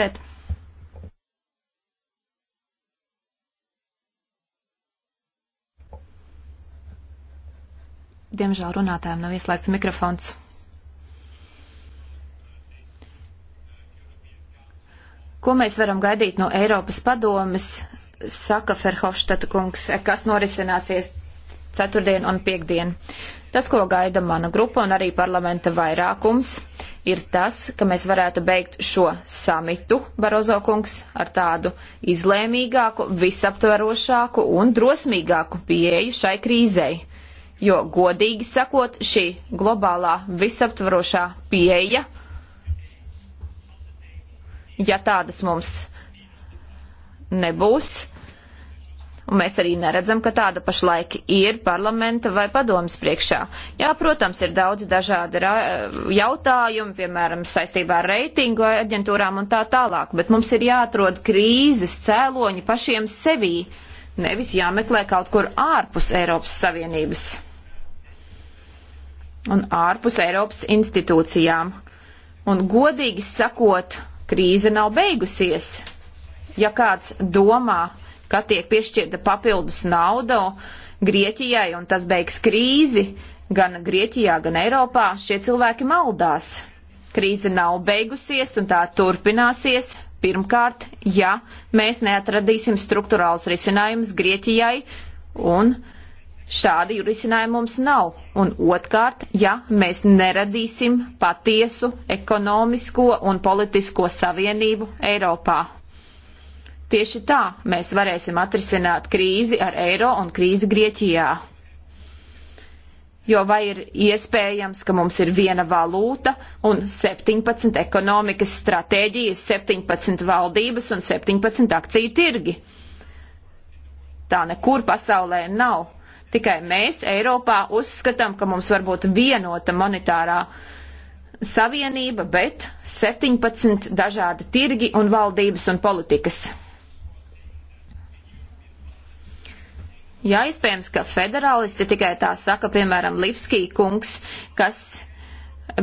tēt. Diemžēl runātājiem nav ieslēgts mikrofons. Ko mēs varam gaidīt no Eiropas padomes, saka Ferhofštata kungs, kas norisināsies ceturtdien un piekdien. Tas, ko gaida mana grupa un arī parlamenta vairākums, ir tas, ka mēs varētu beigt šo samitu, Barozo kungs, ar tādu izlēmīgāku, visaptvarošāku un drosmīgāku pieeju šai krīzei. Jo, godīgi sakot, šī globālā visaptvarošā pieeja, ja tādas mums nebūs, Un mēs arī neredzam, ka tāda pašlaik ir parlamenta vai padomas priekšā. Jā, protams, ir daudz dažādi jautājumi, piemēram, saistībā ar reitingu aģentūrām un tā tālāk, bet mums ir jāatrod krīzes cēloņi pašiem sevī, nevis jāmeklē kaut kur ārpus Eiropas Savienības un ārpus Eiropas institūcijām. Un godīgi sakot, krīze nav beigusies. Ja kāds domā, ka tiek piešķirta papildus nauda Grieķijai un tas beigs krīzi, gan Grieķijā, gan Eiropā, šie cilvēki maldās. Krīze nav beigusies un tā turpināsies. Pirmkārt, ja mēs neatradīsim struktūrāls risinājums Grieķijai un šādi risinājumi mums nav. Un otrkārt, ja mēs neradīsim patiesu ekonomisko un politisko savienību Eiropā. Tieši tā mēs varēsim atrisināt krīzi ar eiro un krīzi Grieķijā. Jo vai ir iespējams, ka mums ir viena valūta un 17 ekonomikas stratēģijas, 17 valdības un 17 akciju tirgi? Tā nekur pasaulē nav. Tikai mēs Eiropā uzskatām, ka mums var būt vienota monetārā savienība, bet 17 dažādi tirgi un valdības un politikas. Jā, iespējams, ka federālisti tikai tā saka, piemēram, Livskī kungs, kas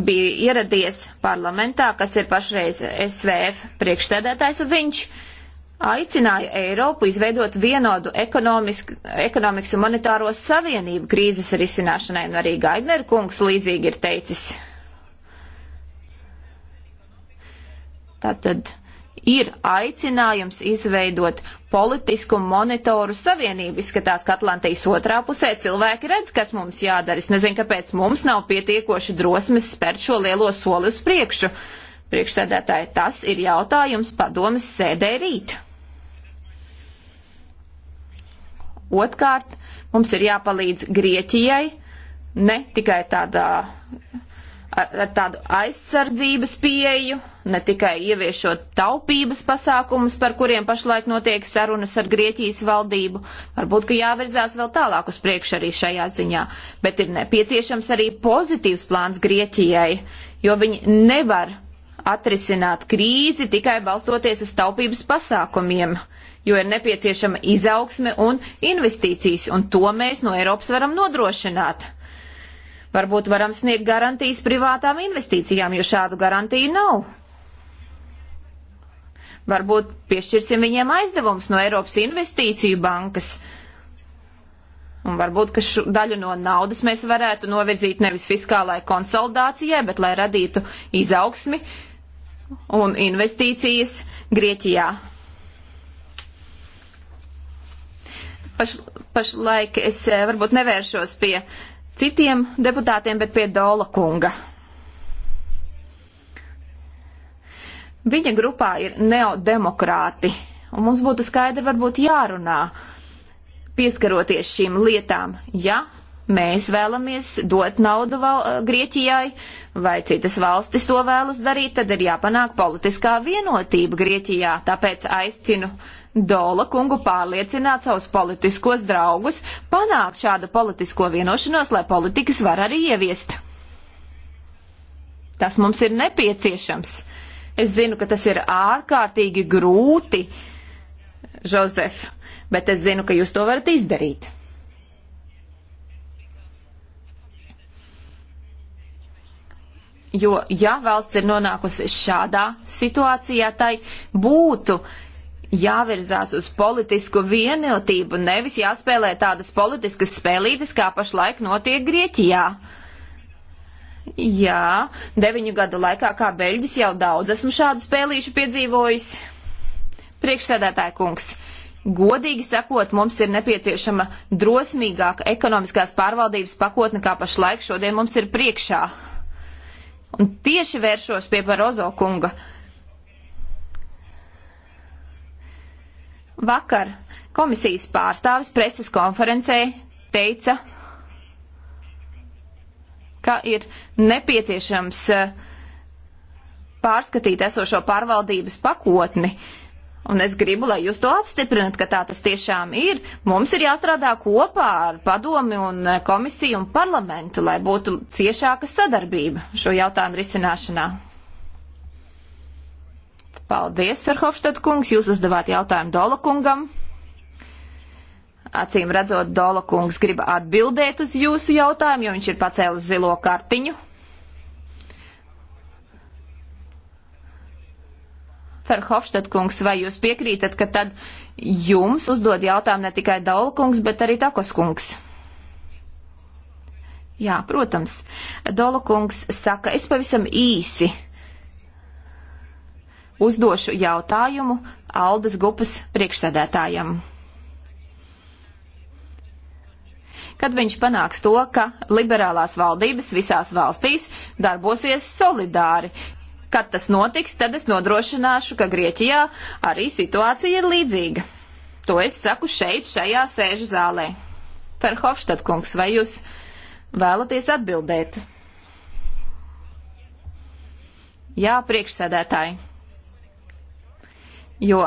bija ieradies parlamentā, kas ir pašreiz SVF priekšstādētājs, un viņš aicināja Eiropu izveidot vienodu ekonomikas un monetāro savienību krīzes risināšanai, un arī Gaidner kungs līdzīgi ir teicis. Tātad ir aicinājums izveidot politisku monitoru savienību. Izskatās, ka Atlantijas otrā pusē cilvēki redz, kas mums jādara. Es nezinu, kāpēc mums nav pietiekoši drosmes spērt šo lielo soli uz priekšu. Priekšsēdētāji, tas ir jautājums padomas sēdē rīt. Otkārt, mums ir jāpalīdz Grieķijai ne tikai tādā ar, ar tādu aizsardzības pieju, ne tikai ieviešot taupības pasākumus, par kuriem pašlaik notiek sarunas ar Grieķijas valdību. Varbūt, ka jāvirzās vēl tālāk uz priekšu arī šajā ziņā, bet ir nepieciešams arī pozitīvs plāns Grieķijai, jo viņi nevar atrisināt krīzi tikai balstoties uz taupības pasākumiem jo ir nepieciešama izaugsme un investīcijas, un to mēs no Eiropas varam nodrošināt. Varbūt varam sniegt garantijas privātām investīcijām, jo šādu garantiju nav. Varbūt piešķirsim viņiem aizdevumus no Eiropas investīciju bankas. Un varbūt, ka šo daļu no naudas mēs varētu novirzīt nevis fiskālai konsolidācijai, bet lai radītu izaugsmi un investīcijas Grieķijā. Paš, pašlaik es eh, varbūt nevēršos pie uh, citiem deputātiem, bet pie Dola kunga. Viņa grupā ir neodemokrāti, un mums būtu skaidri varbūt jārunā, pieskaroties šīm lietām, ja mēs vēlamies dot naudu val Grieķijai, vai citas valstis to vēlas darīt, tad ir jāpanāk politiskā vienotība Grieķijā. Tāpēc aicinu uh, Dola kungu pārliecināt savus politiskos draugus, panākt šādu politisko vienošanos, lai politikas var arī ieviest. Tas mums ir nepieciešams. Es zinu, ka tas ir ārkārtīgi grūti, Žozef, bet es zinu, ka jūs to varat izdarīt. Jo, ja valsts ir nonākusi šādā situācijā, tai būtu jāvirzās uz politisku vienotību, nevis jāspēlē tādas politiskas spēlītes, kā pašlaik notiek Grieķijā. Jā, deviņu gadu laikā kā beļģis jau daudz esmu šādu spēlīšu piedzīvojis. Priekšsēdētāja kungs, godīgi sakot, mums ir nepieciešama drosmīgāka ekonomiskās pārvaldības pakotne, kā pašlaik šodien mums ir priekšā. Un tieši vēršos pie Barozo kunga. Uh, Vakar komisijas pārstāvis preses konferencē teica, ka ir nepieciešams eh, pārskatīt esošo pārvaldības pakotni, Un es gribu, lai jūs to apstiprinat, ka tā tas tiešām ir. Mums ir jāstrādā kopā ar padomi un eh, komisiju un parlamentu, lai būtu ciešāka sadarbība šo jautājumu risināšanā. Paldies, Ferhofštad kungs, jūs uzdevāt jautājumu Dola kungam. Acīm redzot, Dola kungs grib atbildēt uz jūsu jautājumu, jo viņš ir pacēlis zilo kartiņu. Ferhofštad kungs, vai jūs piekrītat, ka tad jums uzdod jautājumu ne tikai Dola kungs, bet arī Takos kungs? Jā, protams. Dola kungs saka, es pavisam īsi uzdošu jautājumu Aldas grupas priekšsēdētājam. Kad viņš panāks to, ka liberālās valdības visās valstīs darbosies solidāri, kad tas notiks, tad es nodrošināšu, ka Grieķijā arī situācija ir līdzīga. To es saku šeit, šajā sēžu zālē. Ferhofštad kungs, vai jūs vēlaties atbildēt? Jā, priekšsēdētāji. Jo,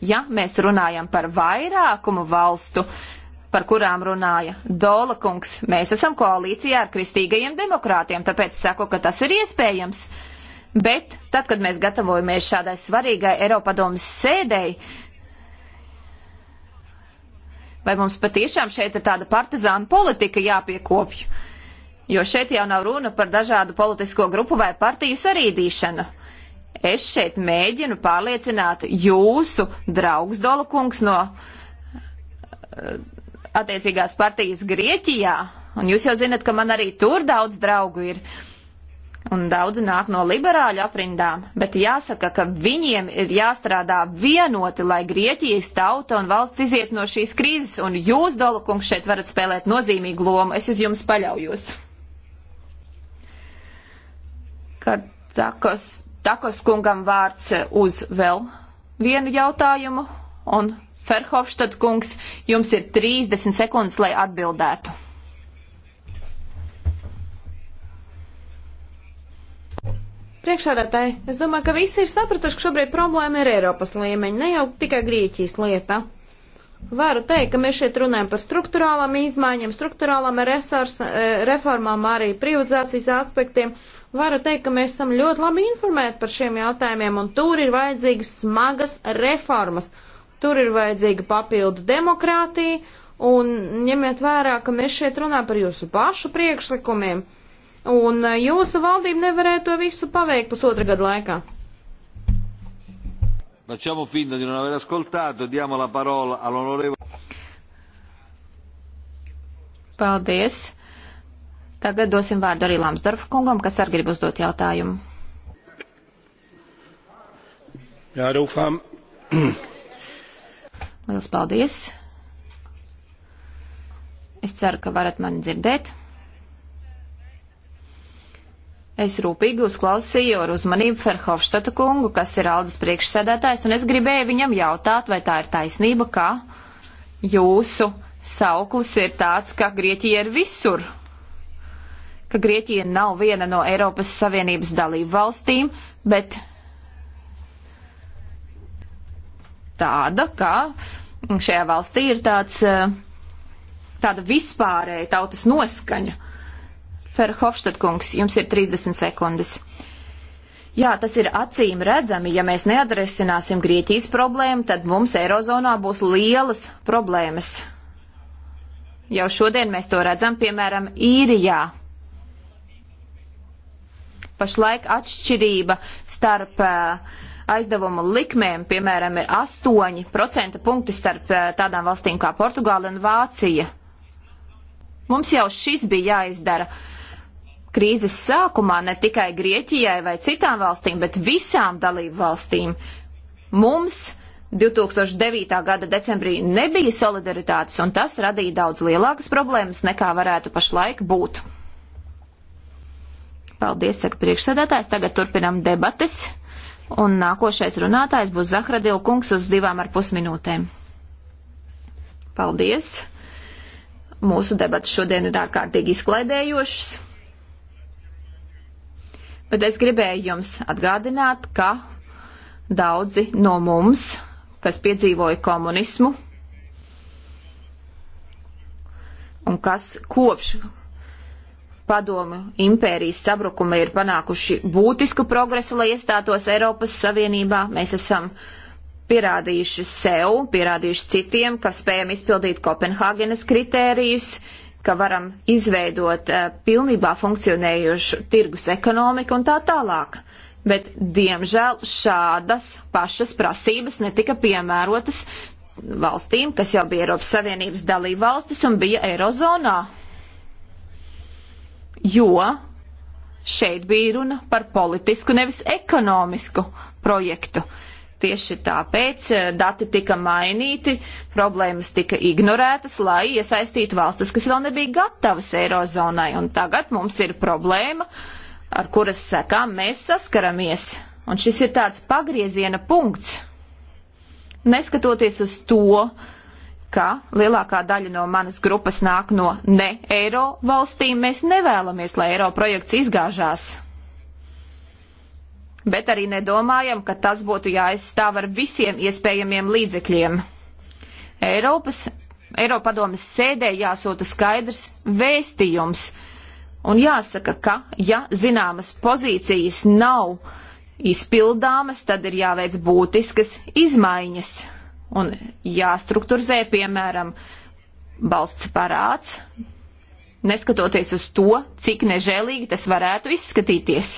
ja mēs runājam par vairākumu valstu, par kurām runāja Dola kungs, mēs esam koalīcijā ar kristīgajiem demokrātiem, tāpēc saku, ka tas ir iespējams. Bet tad, kad mēs gatavojamies šādai svarīgai Eiropadomas sēdēji, vai mums patiešām šeit ir tāda partizāna politika jāpiekopj? Jo šeit jau nav runa par dažādu politisko grupu vai partiju sarīdīšanu es šeit mēģinu pārliecināt jūsu draugs Dolokungs no eh, attiecīgās partijas Grieķijā, un jūs jau zinat, ka man arī tur daudz draugu ir, un daudzi nāk no liberāļu aprindām, bet jāsaka, ka viņiem ir jāstrādā vienoti, lai Grieķijas tauta un valsts iziet no šīs krīzes, un jūs, Dolokungs, šeit varat spēlēt nozīmīgu lomu, es uz jums paļaujos. Kartakos Takos kungam vārds uz vēl vienu jautājumu, un Ferhofštad kungs, jums ir 30 sekundes, lai atbildētu. Priekšādātāji, es domāju, ka visi ir sapratuši, ka šobrīd problēma ir Eiropas līmeņa, ne jau tikai Grieķijas lieta. Varu teikt, ka mēs šeit runājam par struktūrālām izmaiņām, struktūrālām resursa, eh, reformām, arī privatizācijas aspektiem. Uh, varu teikt, ka mēs esam ļoti labi informēti par šiem jautājumiem, un tur ir vajadzīgas smagas reformas. Tur ir vajadzīga papildu demokrātija, un ņemiet vērā, ka mēs šeit runājam par jūsu pašu priekšlikumiem, un jūsu valdība nevarēja to visu paveikt pusotra gada laikā. Facciamo finta di non aver ascoltato, diamo la parola all'onorevole. Paldies. Tagad dosim vārdu arī Lamsdorfa kungam, kas arī grib uzdot jautājumu. Jā, Rūfām. Lielas paldies. Es ceru, ka varat mani dzirdēt. Es rūpīgi uzklausīju ar uzmanību Ferhofštata kungu, kas ir Aldas priekšsēdētājs, un es gribēju viņam jautāt, vai tā ir taisnība, ka jūsu sauklis ir tāds, ka Grieķija ir visur ka Grieķija nav viena no Eiropas Savienības dalību valstīm, bet tāda, ka šajā valstī ir tāds, eh, tāda vispārēja tautas noskaņa. Ferhofstadkungs, jums ir 30 sekundes. Jā, tas ir acīm redzami. Ja mēs neadresināsim Grieķijas problēmu, tad mums Eirozonā būs lielas problēmas. Jau šodien mēs to redzam, piemēram, īrijā. Pašlaik atšķirība starp eh, aizdevumu likmēm, piemēram, ir 8% punkti starp eh, tādām valstīm kā Portugāla un Vācija. Mums jau šis bija jāizdara krīzes sākumā ne tikai Grieķijai vai citām valstīm, bet visām dalību valstīm. Mums 2009. gada decembrī nebija solidaritātes, un tas radīja daudz lielākas problēmas, nekā varētu pašlaik būt. Paldies, saka priekšsēdētājs. Tagad turpinam debates. Un nākošais runātājs būs Zahradila kungs uz divām ar pusminūtēm. Paldies! Mūsu debats šodien ir ārkārtīgi izklaidējošs. Bet es gribēju jums atgādināt, ka daudzi no mums, kas piedzīvoja komunismu un kas kopš padomu impērijas sabrukuma ir panākuši būtisku progresu, lai iestātos Eiropas Savienībā. Mēs esam pierādījuši sev, pierādījuši citiem, ka spējam izpildīt Kopenhāgenes kritērijus, ka varam izveidot uh, pilnībā funkcionējušu tirgus ekonomiku un tā tālāk. Bet, diemžēl, šādas pašas prasības netika piemērotas valstīm, kas jau bija Eiropas Savienības dalība valstis un bija Eirozonā jo šeit bija runa par politisku, nevis ekonomisku projektu. Tieši tāpēc eh, dati tika mainīti, problēmas tika ignorētas, lai iesaistītu valstis, kas vēl nebija gatavas Eirozonai. Un tagad mums ir problēma, ar kuras sekām mēs saskaramies. Un šis ir tāds pagrieziena punkts. Neskatoties uz to, uh, ka lielākā daļa no manas grupas nāk no ne eiro valstīm. Mēs nevēlamies, lai eiro projekts izgāžās. Bet arī nedomājam, ka tas būtu jāaizstāv ar visiem iespējamiem līdzekļiem. Eiropas, Eiropadomes sēdē jāsūta skaidrs vēstījums un jāsaka, ka, ja zināmas pozīcijas nav izpildāmas, tad ir jāveic būtiskas izmaiņas un jāstrukturizē, piemēram, balsts parāds, neskatoties uz to, cik nežēlīgi tas varētu izskatīties.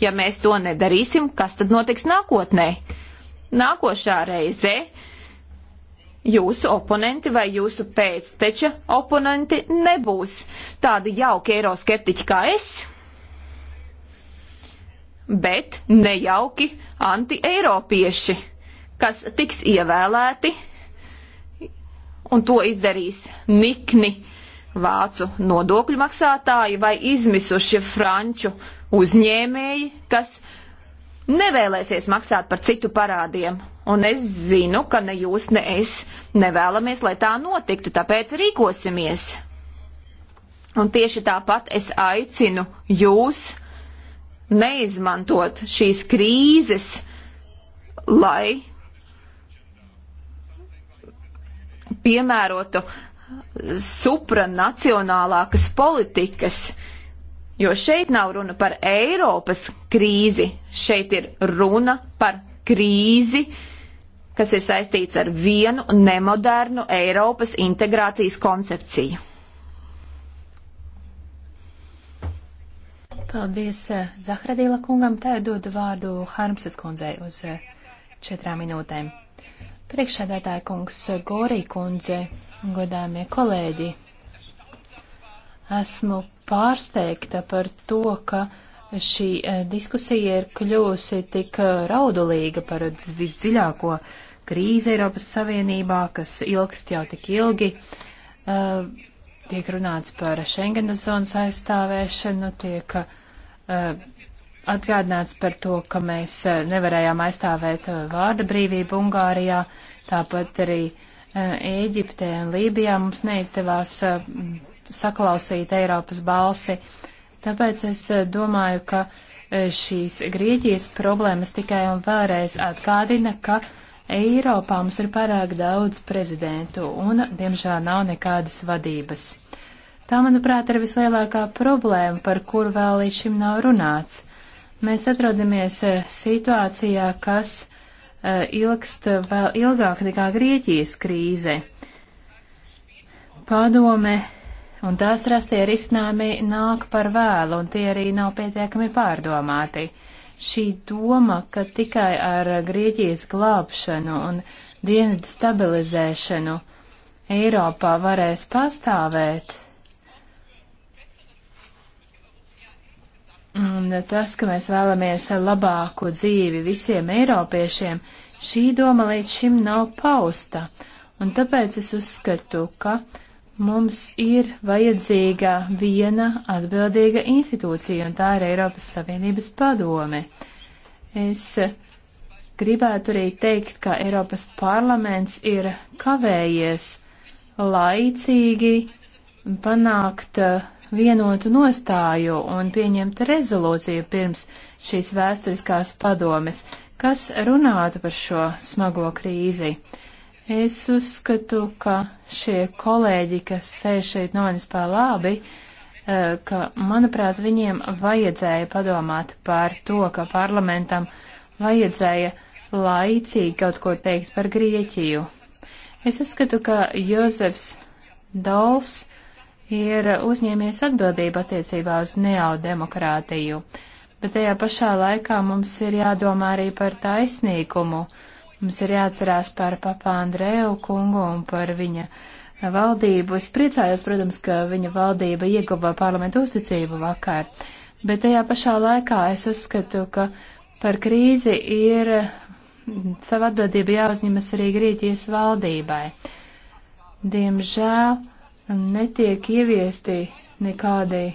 Ja mēs to nedarīsim, kas tad notiks nākotnē? Nākošā reize jūsu oponenti vai jūsu pēcteča oponenti nebūs tādi jauki eiroskeptiķi kā es, bet nejauki anti-eiropieši kas tiks ievēlēti, un to izdarīs nikni vācu nodokļu maksātāji vai izmisuši franču uzņēmēji, kas nevēlēsies maksāt par citu parādiem. Un es zinu, ka ne jūs, ne es nevēlamies, lai tā notiktu, tāpēc rīkosimies. Un tieši tāpat es aicinu jūs neizmantot šīs krīzes, lai piemērotu supranacionālākas politikas, jo šeit nav runa par Eiropas krīzi, šeit ir runa par krīzi, kas ir saistīts ar vienu nemodernu Eiropas integrācijas koncepciju. Paldies eh, Zahradīla kungam, tā dodu vārdu Harmsas kundzei uz eh, četrām minūtēm. Priekšsēdētāja kungs Gorī kundze, godāmie kolēģi, esmu pārsteigta par to, ka šī e, diskusija ir kļūsi tik e, raudulīga par visdziļāko krīzi Eiropas Savienībā, kas ilgst jau tik ilgi. E, tiek runāts par Schengenas zonas aizstāvēšanu, tiek atgādināts par to, ka mēs e, nevarējām aizstāvēt e, vārda brīvību Ungārijā, tāpat arī e, Ēģiptē un Lībijā mums neizdevās saklausīt Eiropas balsi. Tāpēc es domāju, ka šīs Grieķijas problēmas tikai un vēlreiz atgādina, ka Eiropā mums ir pārāk daudz prezidentu un, diemžēl, nav nekādas vadības. Tā, manuprāt, ir vislielākā problēma, par kuru vēl līdz šim nav runāts. Mēs atrodamies eh, situācijā, kas eh, ilgst vēl ilgāk nekā Grieķijas krīze. Padome un tās rastie risinājumi nāk par vēlu, un tie arī nav pietiekami pārdomāti. Šī doma, ka tikai ar Grieķijas glābšanu un dienvidu stabilizēšanu Eiropā varēs pastāvēt, Un tas, ka mēs vēlamies labāku dzīvi visiem eiropiešiem, šī doma līdz šim nav pausta. Un tāpēc es uzskatu, ka mums ir vajadzīga viena atbildīga institūcija, un tā ir Eiropas Savienības padome. Es gribētu arī teikt, ka Eiropas parlaments ir kavējies laicīgi panākt uh, vienotu nostāju un pieņemt rezolūciju pirms šīs vēsturiskās padomes, kas runātu par šo smago krīzi. Es uzskatu, ka šie kolēģi, kas sēž šeit noņas pā labi, eh, ka, manuprāt, viņiem vajadzēja padomāt par to, ka parlamentam vajadzēja laicīgi kaut ko teikt par Grieķiju. Es uzskatu, ka Jozefs Dols ir uzņēmies atbildību attiecībā uz neodemokrātiju, bet tajā pašā laikā mums ir jādomā arī par taisnīgumu. Mums ir jāatcerās par papā Andreju kungu un par viņa valdību. Es priecājos, protams, ka viņa valdība ieguva parlamentu uzticību vakar, bet tajā pašā laikā es uzskatu, ka par krīzi ir savu atbildību jāuzņemas arī Grieķijas valdībai. Diemžēl netiek ieviesti nekādi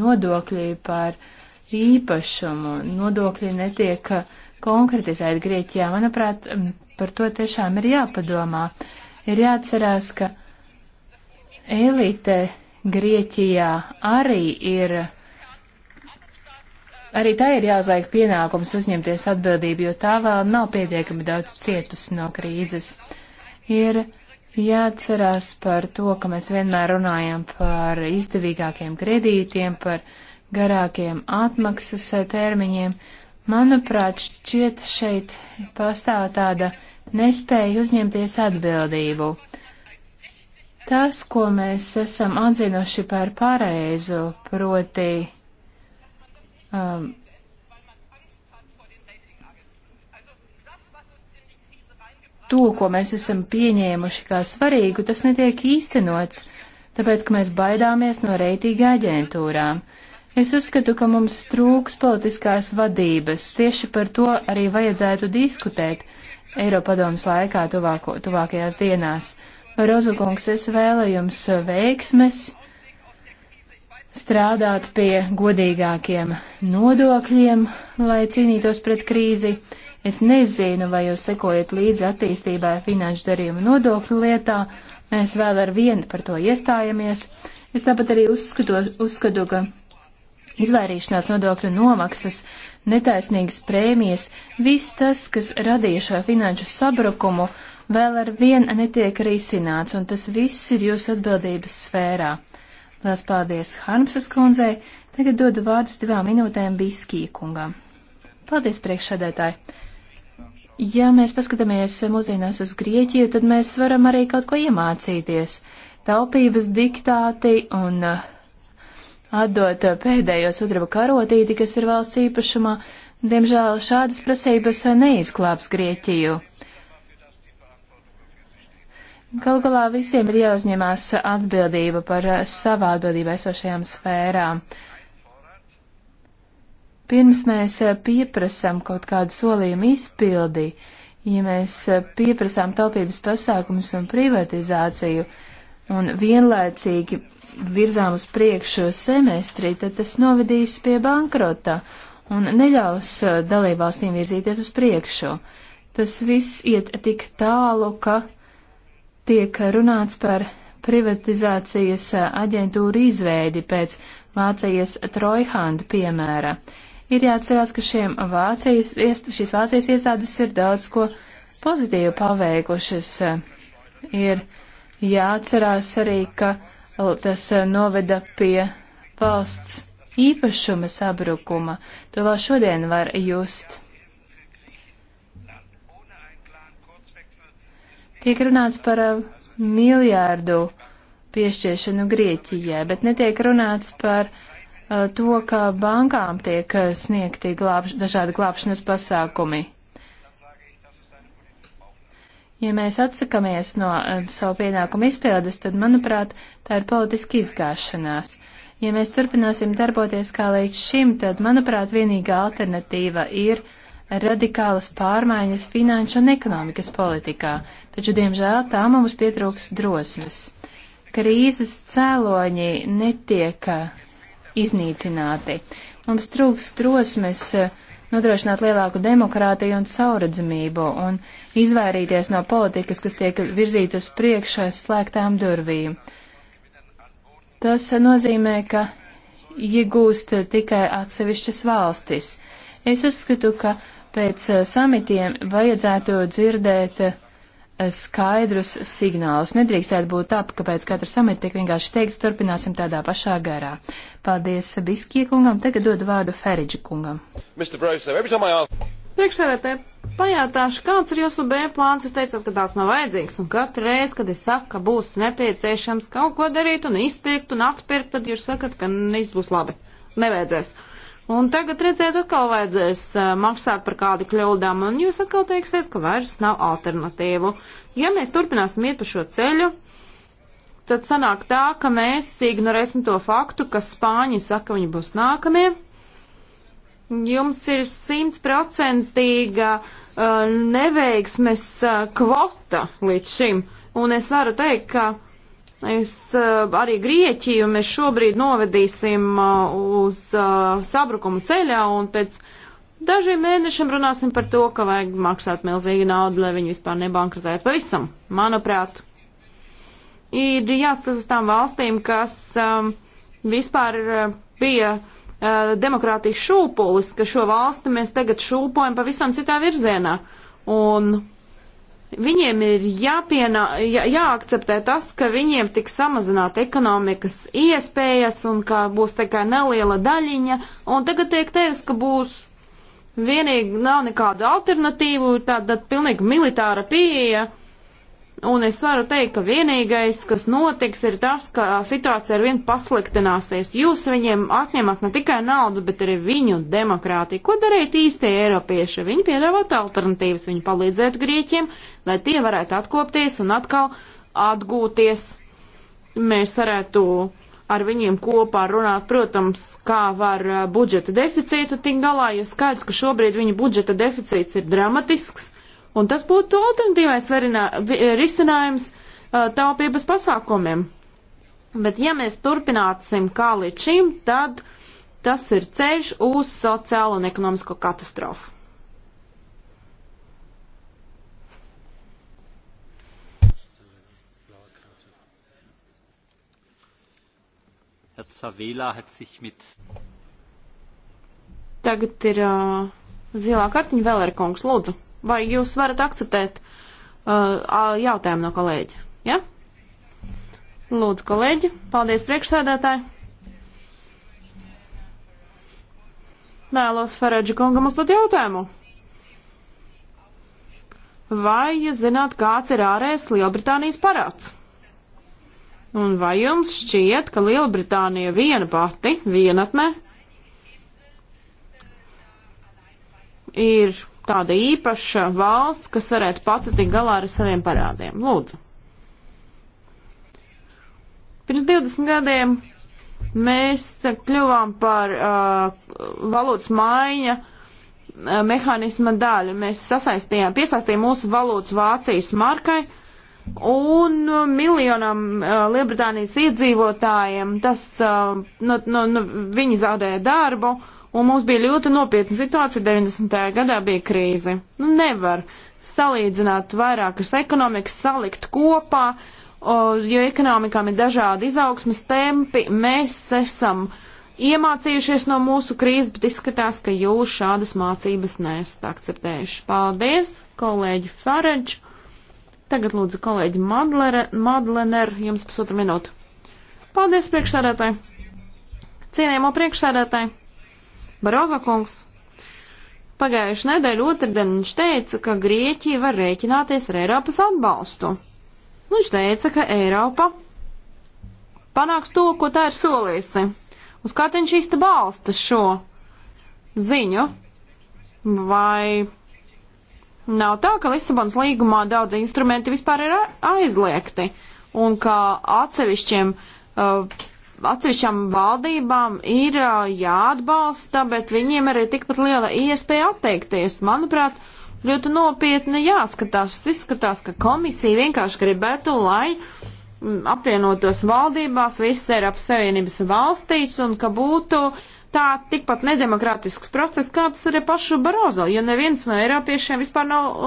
nodokļi par īpašumu, nodokļi netiek konkretizēti Grieķijā. Manuprāt, par to tiešām ir jāpadomā. Ir jāatcerās, ka elite Grieķijā arī ir, arī tā ir jāuzliek pienākums uzņemties atbildību, jo tā vēl nav pietiekami daudz cietusi no krīzes. Ir jāatcerās par to, ka mēs vienmēr runājam par izdevīgākiem kredītiem, par garākiem atmaksas termiņiem. Manuprāt, šķiet šeit pastāv tāda nespēja uzņemties atbildību. Tas, ko mēs esam atzinuši par pareizu, proti um, to, ko mēs esam pieņēmuši kā svarīgu, tas netiek īstenots, tāpēc, ka mēs baidāmies no reitīga aģentūrām. Es uzskatu, ka mums trūks politiskās vadības, tieši par to arī vajadzētu diskutēt Eiropadomas laikā tuvāko, tuvākajās dienās. Rozukungs, es vēlu jums veiksmes strādāt pie godīgākiem nodokļiem, lai cīnītos pret krīzi. Es nezinu, vai jūs sekojat līdzi attīstībai finanšu darījumu nodokļu lietā. Mēs vēl ar vienu par to iestājamies. Es tāpat arī uzskatu, uzskatu ka izvairīšanās nodokļu nomaksas, netaisnīgas prēmijas, viss tas, kas radīja šo finanšu sabrukumu, vēl ar vienu netiek risināts, un tas viss ir jūsu atbildības sfērā. Lielas paldies Harmsas kundzei, tagad dodu vārdus divām minūtēm Biskī kungām. Paldies priekšsēdētāji! Ja mēs paskatāmies mūsdienās uz Grieķiju, tad mēs varam arī kaut ko iemācīties. Taupības diktāti un eh, atdot pēdējo sudraba karotīti, kas ir valsts īpašumā, diemžēl šādas prasības neizklāps Grieķiju. Galu galā visiem ir jāuzņemās atbildība par eh, savā atbildībā esošajām sfērām. Pirms mēs eh, pieprasām kaut kādu solījumu izpildi, ja mēs eh, pieprasām taupības pasākumus un privatizāciju un vienlaicīgi virzām uz priekšu semestri, tad tas novedīs pie bankrota un neļaus eh, dalībvalstīm virzīties uz priekšu. Tas viss iet tik tālu, ka tiek runāts par privatizācijas aģentūru izveidi pēc Vācijas Trojhanda piemēra ir jāatcerās, ka Vācijas, šīs Vācijas iestādes ir daudz ko pozitīvu paveikušas. Ir jāatcerās arī, ka tas noveda pie valsts īpašuma sabrukuma. To vēl šodien var just. Tiek runāts par uh, miljārdu piešķiešanu Grieķijai, bet netiek runāts par uh, Uh, to, ka bankām tiek uh, sniegti glābš, dažādi glābšanas pasākumi. Ja mēs atsakamies no uh, savu pienākumu izpildes, tad, manuprāt, tā ir politiski izgāšanās. Ja mēs turpināsim darboties kā līdz šim, tad, manuprāt, vienīgā alternatīva ir radikālas pārmaiņas finanšu un ekonomikas politikā, taču, diemžēl, tā mums pietrūks drosmes. Krīzes cēloņi netiek iznīcināti. Mums trūks drosmes eh, nodrošināt lielāku demokrātiju un sauredzamību un izvairīties no politikas, kas tiek virzīta uz priekšu slēgtām durvīm. Tas eh, nozīmē, ka iegūst eh, tikai atsevišķas valstis. Es uzskatu, ka pēc samitiem vajadzētu dzirdēt skaidrus signālus. Nedrīkstētu būt tā, ka pēc katra samita tiek vienkārši teikts, turpināsim tādā pašā garā. Paldies Biskie kungam, tagad dodu vārdu Feridži kungam. Priekšsēdētāji, pajautāšu, kāds ir jūsu B plāns, jūs teicat, ka tāds nav vajadzīgs, un katru reizi, kad es saku, ka būs nepieciešams kaut ko darīt un izpirkt un atpirkt, tad jūs sakat, ka viss būs labi. Nevajadzēs. Un tagad redzēt, atkal vajadzēs maksāt par kādu kļūdām, un jūs atkal teiksiet, ka vairs nav alternatīvu. Ja mēs turpināsim iet pa šo ceļu, tad sanāk tā, ka mēs ignorēsim to faktu, ka Spāņi saka, ka viņi būs nākamie. Jums ir simtprocentīga uh, neveiksmes uh, kvota līdz šim, un es varu teikt, ka Es eh, arī Grieķiju mēs šobrīd novedīsim eh, uz eh, sabrukumu ceļā un pēc dažiem mēnešiem runāsim par to, ka vajag maksāt milzīgi naudu, lai viņi vispār nebankrotētu pavisam. Manuprāt, ir jāskatās uz tām valstīm, kas vispār bija demokrātijas šūpulis, ka šo valsti mēs tagad šūpojam pavisam citā virzienā. Un Viņiem ir jāpienā, jā, jāakceptē tas, ka viņiem tiks samazināt ekonomikas iespējas un ka būs tikai neliela daļiņa. Un tagad tiek teiks, ka būs vienīgi nav nekādu alternatīvu, tāda pilnīgi militāra pieeja. Uh, Un es varu teikt, ka vienīgais, kas notiks, ir tas, ka situācija ar vien pasliktināsies. Jūs viņiem atņemat ne tikai naudu, bet arī viņu demokrātiju. Ko darīt īstie eiropieši? Viņi piedāvāt alternatīvas, viņi palīdzētu grieķiem, lai tie varētu atkopties un atkal atgūties. Mēs varētu ar viņiem kopā runāt, protams, kā var uh, budžeta deficītu tik galā, jo skaidrs, ka šobrīd viņa budžeta deficīts ir dramatisks, Un tas būtu alternatīvais verinā, risinājums uh, taupības pasākumiem. Bet ja mēs turpināsim kā līdz šim, tad tas ir ceļš uz sociālo un ekonomisko katastrofu. Herr Zavela hat sich mit. Tagad ir uh, zilā kartiņa vēl ir kungs, lūdzu. Vai jūs varat akceptēt uh, jautājumu no kolēģa? Ja? Lūdzu, kolēģi, paldies priekšsēdētāji. Vēlos Feredža kungam uzdot jautājumu. Vai jūs zināt, kāds ir ārējais Lielbritānijas parāds? Un vai jums šķiet, ka Lielbritānija viena pati, vienatnē, ir tāda īpaša valsts, kas varētu pati tikt galā ar saviem parādiem. Lūdzu. Pirms 20 gadiem mēs kļuvām par uh, valūtas maiņa uh, mehānisma daļu. Mēs sasaistījām, piesaistījām mūsu valūtas Vācijas markai un miljonam uh, Lielbritānijas iedzīvotājiem tas, uh, no, nu, no, nu, no, nu, viņi zaudēja darbu. Uh, Un mums bija ļoti nopietna situācija, 90. gadā bija krīze. Nu, nevar salīdzināt vairākas ekonomikas, salikt kopā, o, jo ekonomikām ir dažādi izaugsmas tempi. Mēs esam iemācījušies no mūsu krīzes, bet izskatās, ka jūs šādas mācības nesat akceptējuši. Paldies, kolēģi Fareģi! Tagad lūdzu kolēģi Madlere, Madlener, jums pusotru minūtu. Paldies priekšsādātāji! Cienījamo priekšsādātāji! Barozo kungs. Pagājuši nedēļu otrdien viņš teica, ka Grieķija var rēķināties ar Eiropas atbalstu. Viņš teica, ka Eiropa panāks to, ko tā ir solījusi. Uz kā viņš īsti balsta šo ziņu? Vai nav tā, ka Lisabonas līgumā daudz instrumenti vispār ir aizliegti un ka atsevišķiem uh, atsevišķām valdībām ir jāatbalsta, bet viņiem arī tikpat liela iespēja atteikties. Manuprāt, ļoti nopietni jāskatās. Izskatās, ka komisija vienkārši gribētu, lai mm, apvienotos valdībās visas Eiropas Savienības valstīs un ka būtu tā tikpat nedemokrātisks process, kā tas arī pašu Barozo, jo neviens no Eiropiešiem vispār nav,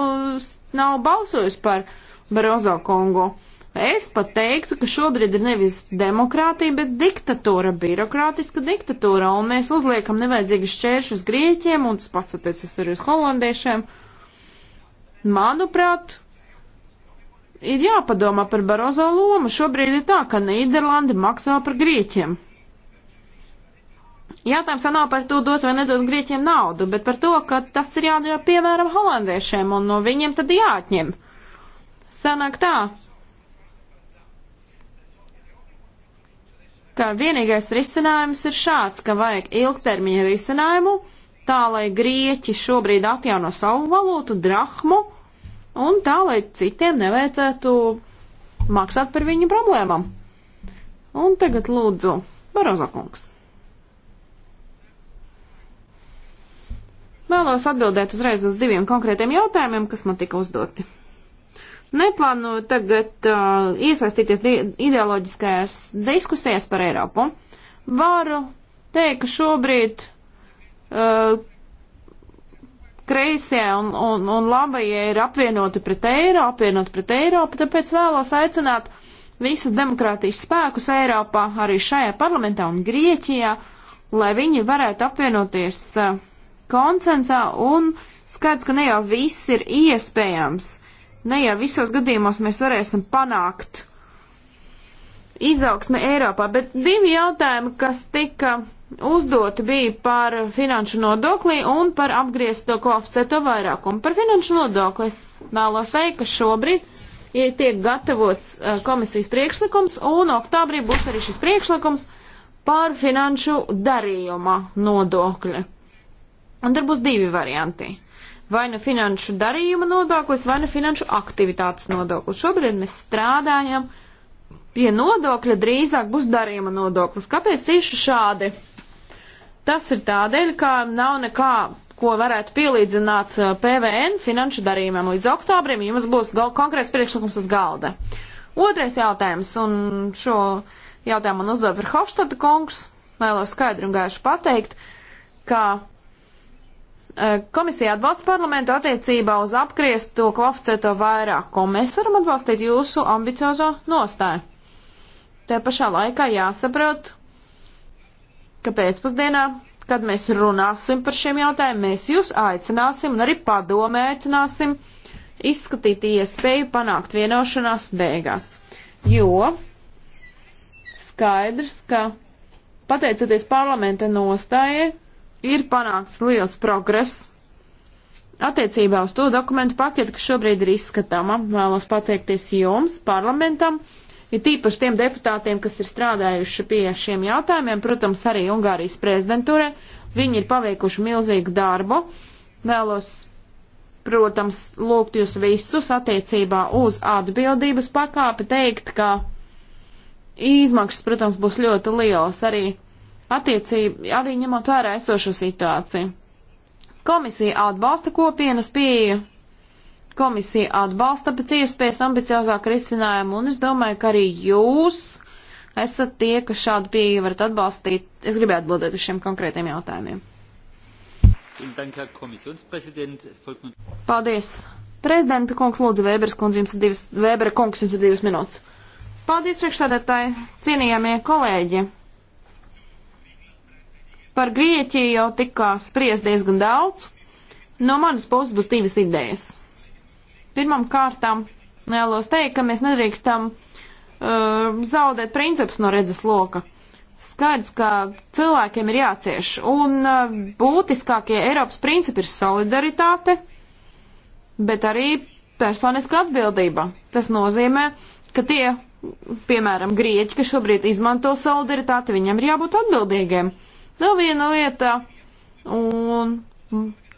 nav balsojis par Barozo kungu. Uh, Es pat teiktu, ka šobrīd ir nevis demokrātija, bet diktatūra, birokrātiska diktatūra, un mēs uzliekam nevajadzīgas šķēršus grieķiem, un tas pats attiecas arī uz holandiešiem. Manuprāt, ir jāpadomā par Barozo lomu. Šobrīd ir tā, ka Nīderlandi maksā par grieķiem. Jātājums nav par to dot vai nedot grieķiem naudu, bet par to, ka tas ir jādara piemēram holandiešiem, un no viņiem tad jāatņem. Sanāk tā, ka vienīgais risinājums ir šāds, ka vajag ilgtermiņa risinājumu, tā lai grieķi šobrīd atjauno savu valūtu, drahmu, un tā lai citiem nevajadzētu maksāt par viņu problēmām. Un tagad lūdzu, Barozo kungs. Vēlos atbildēt uzreiz uz diviem konkrētiem jautājumiem, kas man tika uzdoti neplānoju tagad uh, iesaistīties di ideoloģiskajās diskusijās par Eiropu. Varu teikt, ka šobrīd uh, kreisie un, un, un labajie ir apvienoti pret eiro, apvienoti pret Eiropu, tāpēc vēlos aicināt visas demokrātijas spēkus Eiropā, arī šajā parlamentā un Grieķijā, lai viņi varētu apvienoties uh, konsensā un skaidrs, ka ne jau viss ir iespējams. Uh, Ne jau visos gadījumos mēs varēsim panākt izaugsme Eiropā, bet divi jautājumi, kas tika uzdoti bija par finanšu nodoklī un par apgriezto koeficēto vairākumu. Par finanšu nodokli es vēlos teikt, ka šobrīd ja tiek gatavots eh, komisijas priekšlikums un oktobrī būs arī šis priekšlikums par finanšu darījuma nodokli. Un tur būs divi varianti vai nu finanšu darījuma nodoklis, vai nu finanšu aktivitātes nodoklis. Šobrīd mēs strādājam pie nodokļa, drīzāk būs darījuma nodoklis. Kāpēc tieši šādi? Tas ir tādēļ, ka nav nekā, ko varētu pielīdzināt uh, PVN finanšu darījumam. Līdz oktobrim jums būs konkrēts priekšlikums uz galda. Otrais jautājums, un šo jautājumu man uzdeva Verhofstadta kungs, vēlos skaidri un gaiši pateikt, ka Eh, komisija atbalsta parlamentu attiecībā uz apgriesto koeficieto vairākumu. Mēs varam atbalstīt jūsu ambiciozo nostāju. Te pašā laikā jāsaprot, ka pēcpusdienā, kad mēs runāsim par šiem jautājumiem, mēs jūs aicināsim un arī padomē aicināsim izskatīt iespēju panākt vienošanās beigās. Jo skaidrs, ka pateicoties parlamenta nostājai, ir panākts liels progress. Attiecībā uz to dokumentu paketu, kas šobrīd ir izskatāma, vēlos pateikties jums, parlamentam, ir tīpaši tiem deputātiem, kas ir strādājuši pie šiem jautājumiem, protams, arī Ungārijas prezidentūrē. Viņi ir paveikuši milzīgu darbu. Vēlos, protams, lūgt jūs visus attiecībā uz atbildības pakāpi teikt, ka izmaksas, protams, būs ļoti lielas arī attiecību, arī ņemot vērā esošo situāciju. Komisija atbalsta kopienas pieeju, komisija atbalsta pēc iespējas ambiciozāku risinājumu, un es domāju, ka arī jūs esat tie, kas šādu pieeju varat atbalstīt. Es gribēju atbildēt uz šiem konkrētiem jautājumiem. Paldies! Prezidenta kungs, lūdzu, Vēbera kungs, jums ir divas, Vēbera kungs, jums ir divas minūtes. Paldies, priekšsādātāji, cienījamie kolēģi! Par Grieķiju jau tika spriest diezgan daudz. No manas puses būs divas idejas. Pirmam kārtām vēlos teikt, ka mēs nedrīkstam uh, zaudēt principus no redzes loka. Skaidrs, ka cilvēkiem ir jācieš, un uh, būtiskākie Eiropas principi ir solidaritāte, bet arī personiska atbildība. Tas nozīmē, ka tie, piemēram, grieķi, kas šobrīd izmanto solidaritāti, viņiem ir jābūt atbildīgiem. Uh, Vēl viena lieta, un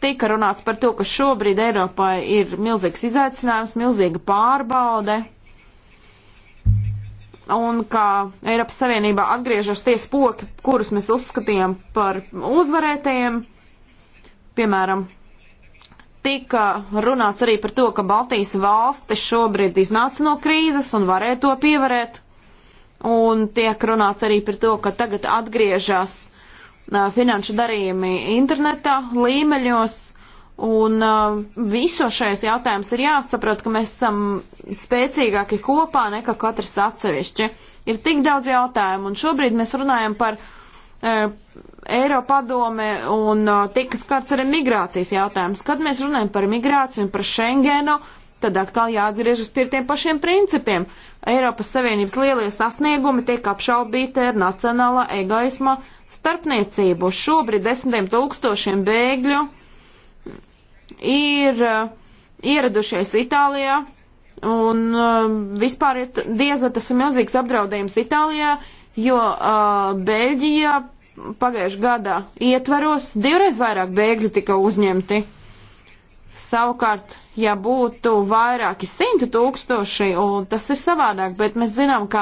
tika runāts par to, ka šobrīd Eiropai ir milzīgs izaicinājums, milzīga pārbaude, un ka Eiropas Savienībā atgriežas tie spoki, kurus mēs uzskatījām par uzvarētajiem. Piemēram, tika runāts arī par to, ka Baltijas valstis šobrīd iznāca no krīzes un varēja to pievarēt. Un tiek runāts arī par to, ka tagad atgriežas finanšu darījumi interneta līmeļos. Un uh, visos šajos jautājumos ir jāsaprot, ka mēs esam spēcīgāki kopā nekā katrs atsevišķi. Ir tik daudz jautājumu, un šobrīd mēs runājam par uh, Eiropadome un uh, tika skarts arī migrācijas jautājums. Kad mēs runājam par migrāciju un par Schengenu, tad atkal jāatgriežas pie tiem pašiem principiem. Eiropas Savienības lielie sasniegumi tiek apšaubīti ar nacionālā egoisma starpniecību. Šobrīd desmitiem tūkstošiem bēgļu ir uh, ieradušies Itālijā, un uh, vispār ir diezgan tas ir milzīgs apdraudējums Itālijā, jo uh, Bēļģijā pagājušajā gadā ietvaros divreiz vairāk bēgļu tika uzņemti. Uh, Savukārt, ja būtu vairāki simti tūkstoši, un tas ir savādāk, bet mēs zinām, ka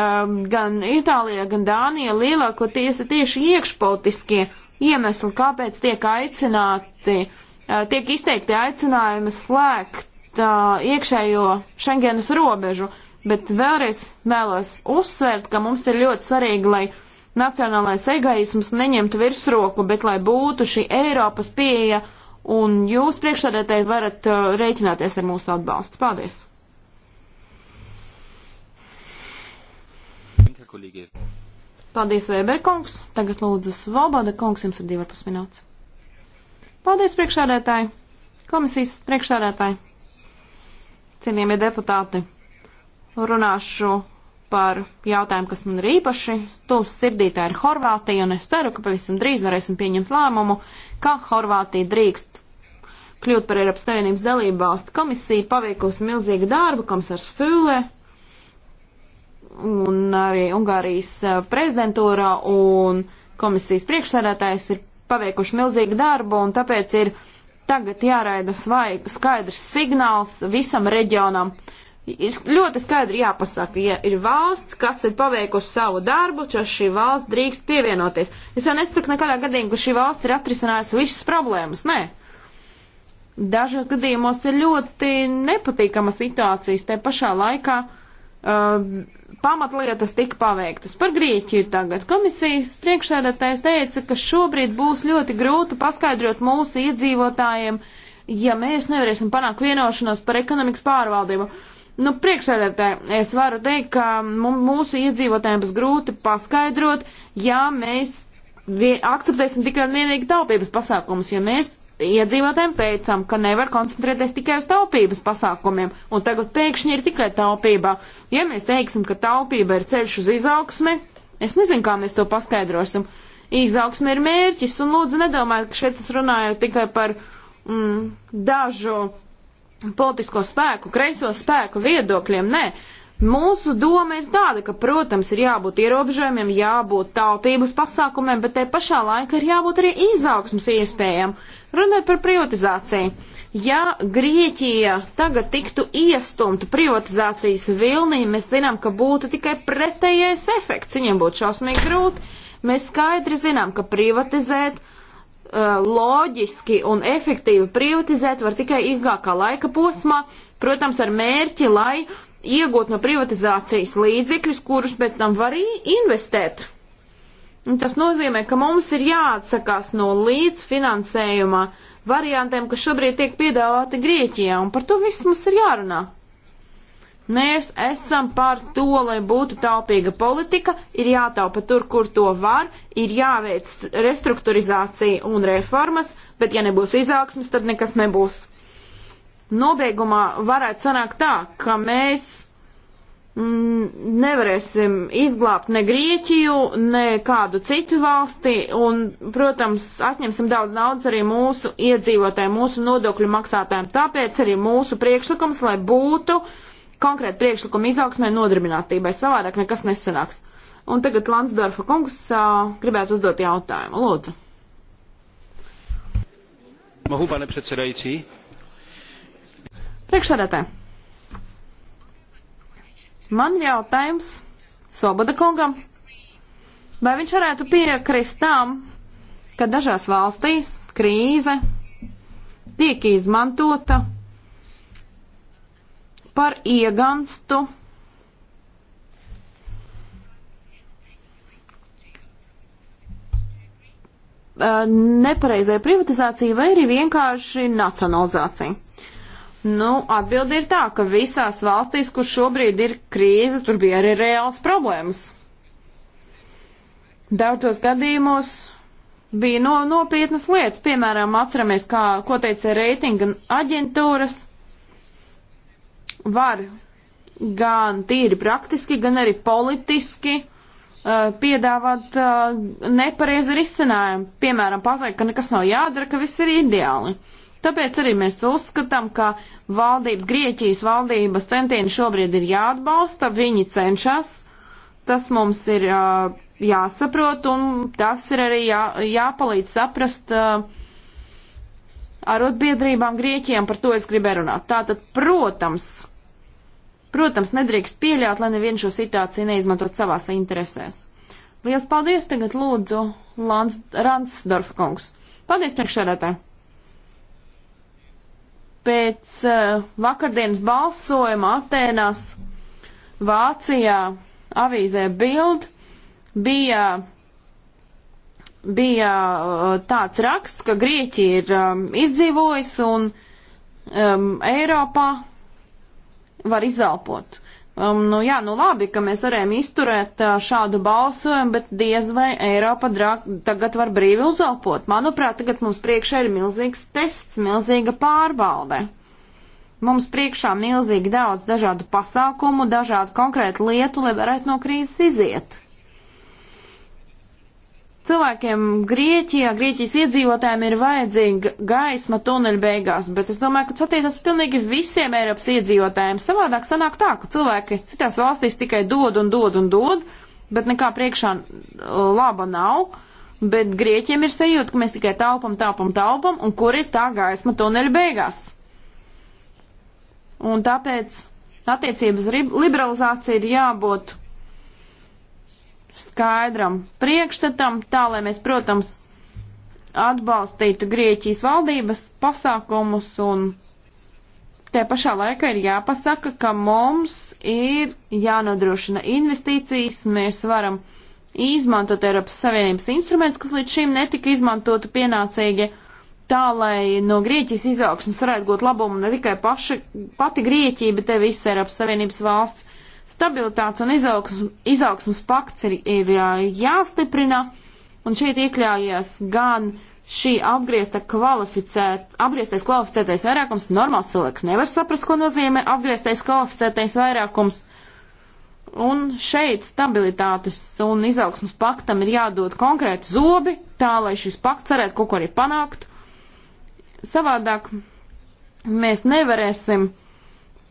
um, gan Itālijā, gan Dānija lielākoties ir tieši iekšpolitiskie iemesli, kāpēc tiek aicināti, uh, tiek izteikti aicinājumi slēgt uh, iekšējo Schengenas robežu. Bet vēlreiz vēlos uzsvērt, ka mums ir ļoti svarīgi, lai nacionālais egoisms neņemtu virsroku, bet lai būtu šī Eiropas pieeja uh, un jūs priekšsēdētāji varat uh, rēķināties ar mūsu atbalstu. Paldies! Paldies, Vēberkungs. Tagad lūdzu Svoboda kungs, jums ir 2,5 minūtes. Paldies, priekšsēdētāji, komisijas priekšsēdētāji, cienījamie deputāti. Runāšu par jautājumu, kas man ir īpaši tūs sirdī, tā ir Horvātija, un es ceru, ka pavisam drīz varēsim pieņemt lēmumu, ka Horvātija drīkst kļūt par Eiropas Savienības dalību valstu komisiju, paveikusi milzīgu darbu, komisārs Fūle un arī Ungārijas eh, prezidentūra un komisijas priekšsēdētājs ir paveikuši milzīgu darbu, un tāpēc ir tagad jāraida svaig, skaidrs signāls visam reģionam. Uh, ir ļoti skaidri jāpasaka, ja ir valsts, kas ir paveikusi savu darbu, tad šī valsts drīkst pievienoties. Es jau nesaku nekādā gadījumā, ka šī valsts ir atrisinājusi visas problēmas. Nē. Dažos gadījumos ir ļoti nepatīkama situācijas, te pašā laikā uh, pamatlietas tika paveiktas. Par Grieķiju tagad komisijas priekšsēdētājs teica, ka šobrīd būs ļoti grūti paskaidrot mūsu iedzīvotājiem, ja mēs nevarēsim panākt vienošanos par ekonomikas pārvaldību. Uh, Nu, priekšsēdētāji, es varu teikt, ka mūsu iedzīvotājiem būs grūti paskaidrot, ja mēs akceptēsim tikai un vienīgi taupības pasākumus, jo mēs iedzīvotājiem teicām, ka nevar koncentrēties tikai uz taupības pasākumiem, un tagad pēkšņi ir tikai taupība. Ja mēs teiksim, ka taupība ir ceļš uz izaugsmi, es nezinu, kā mēs to paskaidrosim. Izaugsme ir mērķis, un lūdzu nedomājiet, ka šeit es runāju tikai par mm, dažu politisko spēku, kreiso spēku viedokļiem. Nē, mūsu doma ir tāda, ka, protams, ir jābūt ierobežojumiem, jābūt taupības pasākumiem, bet te pašā laikā ir jābūt arī izaugsmas iespējām. Runājot par privatizāciju. Ja Grieķija tagad tiktu iestumta privatizācijas vilnī, mēs zinām, ka būtu tikai pretējais efekts. Viņiem būtu šausmīgi grūti. Mēs skaidri zinām, ka privatizēt uh, Eh, loģiski un efektīvi privatizēt var tikai ilgākā laika posmā, protams, ar mērķi, lai iegūt no privatizācijas līdzekļus, kurus pēc tam var investēt. Un tas nozīmē, ka mums ir jāatsakās no līdzfinansējuma variantiem, kas šobrīd tiek piedāvāti Grieķijā, un par to viss mums ir jārunā. Mēs esam par to, lai būtu taupīga politika, ir jātaupa tur, kur to var, ir jāveic restruktūrizācija un reformas, bet ja nebūs izaugsmas, tad nekas nebūs. Nobeigumā varētu sanākt tā, ka mēs mm, nevarēsim izglābt ne Grieķiju, ne kādu citu valsti, un, protams, atņemsim daudz naudas arī mūsu iedzīvotājiem, mūsu nodokļu maksātājiem. Tāpēc arī mūsu priekšlikums, lai būtu uh, konkrēti priekšlikumi izaugsmai nodarbinātībai. Savādāk nekas nesanāks. Un tagad Landsdorfa kungs uh, gribētu uzdot jautājumu. Lūdzu. Mohu, pane předsedající. Priekšsēdētē. Man jautājums Svoboda kungam. Vai viņš varētu piekrist tam, ka dažās valstīs krīze tiek izmantota par iegānstu. Nepareizai privatizācija vai arī vienkārši nacionalizācija? Nu, atbildi ir tā, ka visās valstīs, kur šobrīd ir krīze, tur bija arī reāls problēmas. Daudzos gadījumos bija no, nopietnas lietas. Piemēram, atceramies, kā, ko teica reitinga aģentūras var gan tīri praktiski, gan arī politiski uh, piedāvāt uh, nepareizu risinājumu. Piemēram, pateikt, ka nekas nav jādara, ka viss ir ideāli. Tāpēc arī mēs uzskatām, ka valdības, Grieķijas valdības centieni šobrīd ir jāatbalsta, viņi cenšas, tas mums ir uh, jāsaprot un tas ir arī jā, jāpalīdz saprast uh, arotbiedrībām Grieķiem, par to es gribēju runāt. Tātad, protams, protams, nedrīkst pieļaut, lai neviens šo situāciju neizmantot savās interesēs. Lielas paldies tagad lūdzu Lans, Ransdorf kungs. Paldies priekšsēdētē. Pēc uh, vakardienas balsojuma Atēnās, Vācijā, avīzē Bild bija bija uh, tāds raksts, ka Grieķija ir um, izdzīvojusi un um, Eiropā var izelpot. Um, nu jā, nu labi, ka mēs varējām izturēt uh, šādu balsojumu, bet diez vai Eiropa drāk, tagad var brīvi uzelpot. Manuprāt, tagad mums priekšā ir milzīgs tests, milzīga pārbaude. Mums priekšā milzīgi daudz dažādu pasākumu, dažādu konkrētu lietu, lai varētu no krīzes iziet cilvēkiem Grieķijā, Grieķijas iedzīvotājiem ir vajadzīga gaisma tuneļa beigās, bet es domāju, ka attiecas pilnīgi visiem Eiropas iedzīvotājiem. Savādāk sanāk tā, ka cilvēki citās valstīs tikai dod un dod un dod, bet nekā priekšā uh, laba nav. Bet Grieķiem ir sajūta, ka mēs tikai taupam, taupam, taupam, un kur ir tā gaisma tuneļa beigās. Un tāpēc attiecības liberalizācija ir jābūt skaidram priekšstatam, tā lai mēs, protams, atbalstītu Grieķijas valdības pasākumus un te pašā laikā ir jāpasaka, ka mums ir jānodrošina investīcijas, mēs varam izmantot Eiropas Savienības instruments, kas līdz šim netika izmantota pienācīgi, tā lai no Grieķijas izaugsmas varētu gūt labumu ne tikai paši, pati Grieķija, bet te visa Eiropas Savienības valsts. Stabilitātes un izaugsmas, izaugsmas pakts ir, ir jāstiprina, un šeit iekļājies gan šī apgriezta kvalificēt, apgrieztais kvalificētais vairākums. Normāls cilvēks nevar saprast, ko nozīmē apgrieztais kvalificētais vairākums. Un šeit stabilitātes un izaugsmas paktam ir jādod konkrēti zobi, tā lai šis pakts varētu kaut ko arī panākt. Savādāk mēs nevarēsim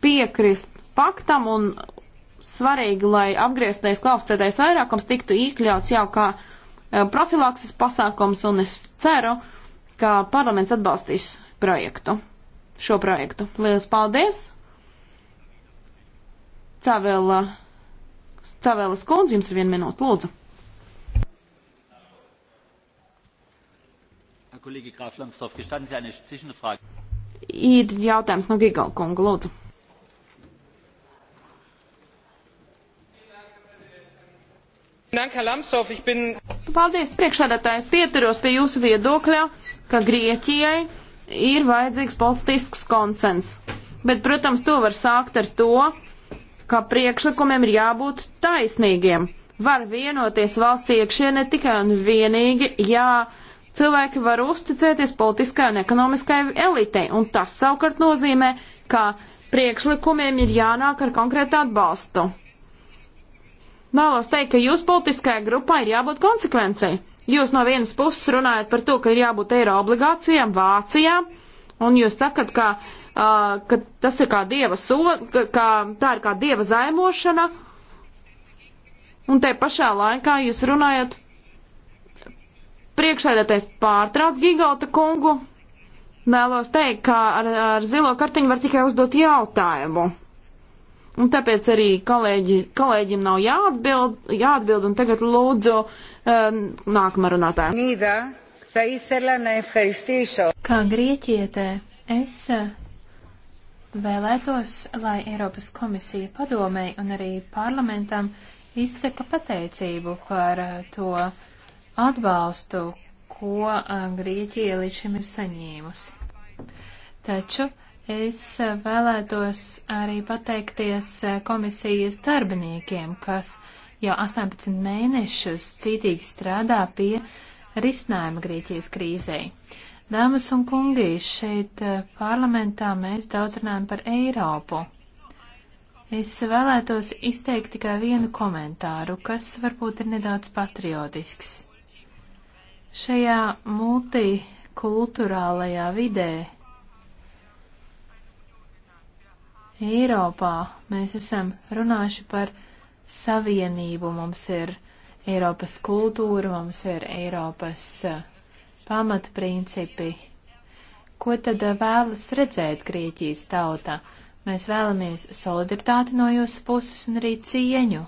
piekrist paktam un svarīgi, lai apgrieztais kvalificētais vairākums tiktu iekļauts jau kā eh, profilakses pasākums, un es ceru, ka parlaments atbalstīs projektu, šo projektu. Lielas paldies! Cavela, Cavela skundze, jums ir viena minūte, lūdzu. Ir jautājums no Gigalkunga, lūdzu. Paldies, priekšsēdētājs. Pieturos pie jūsu viedokļa, ka Grieķijai ir vajadzīgs politisks konsens. Bet, protams, to var sākt ar to, ka priekšlikumiem ir jābūt taisnīgiem. Var vienoties valsts iekšienē tikai un vienīgi, ja cilvēki var uzticēties politiskai un ekonomiskai elitei. Un tas savukārt nozīmē, ka priekšlikumiem ir jānāk ar konkrētu atbalstu. Vēlos teikt, ka jūs politiskajā grupā ir jābūt konsekvencei. Jūs no vienas puses runājat par to, ka ir jābūt eiro obligācijām Vācijā, un jūs sakat, ka, uh, ka tas ir kā dieva soda, ka, ka tā ir kā dieva zaimošana, un te pašā laikā jūs runājat priekšsēdētais pārtrauc Gigauta kungu. Vēlos teikt, ka ar, ar zilo kartiņu var tikai uzdot jautājumu. Un tāpēc arī kolēģi, kolēģim nav jāatbild, jāatbild un tagad lūdzu um, nākamā runātāja. Kā grieķietē, es uh, vēlētos, lai Eiropas komisija padomēji un arī parlamentam izsaka pateicību par uh, to atbalstu, ko uh, Grieķija līdz šim ir saņēmusi. Taču Es vēlētos arī pateikties eh, komisijas darbiniekiem, kas jau 18 mēnešus cītīgi strādā pie risinājuma Grieķijas krīzei. Dāmas un kungi, šeit eh, parlamentā mēs daudz runājam par Eiropu. Es vēlētos izteikt tikai vienu komentāru, kas varbūt ir nedaudz patriotisks. Šajā multikulturālajā vidē Eiropā mēs esam runājuši par savienību, mums ir Eiropas kultūra, mums ir Eiropas eh, pamatprincipi. Ko tad eh, vēlas redzēt Grieķijas tauta? Mēs vēlamies solidaritāti no jūsu puses un arī cieņu.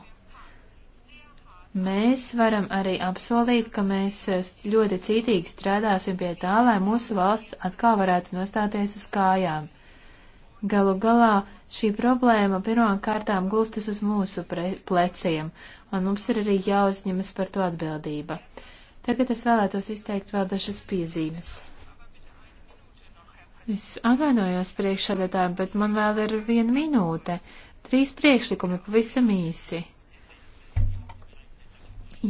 Mēs varam arī apsolīt, ka mēs eh, ļoti cītīgi strādāsim pie tā, lai mūsu valsts atkal varētu nostāties uz kājām. Galu galā šī problēma pirmām kārtām gulstas uz mūsu pleciem, un mums ir arī jāuzņemas par to atbildība. Tagad es vēlētos izteikt vēl dažas piezīmes. Es atvainojos priekšsādātājiem, bet man vēl ir viena minūte. Trīs priekšlikumi pavisam īsi.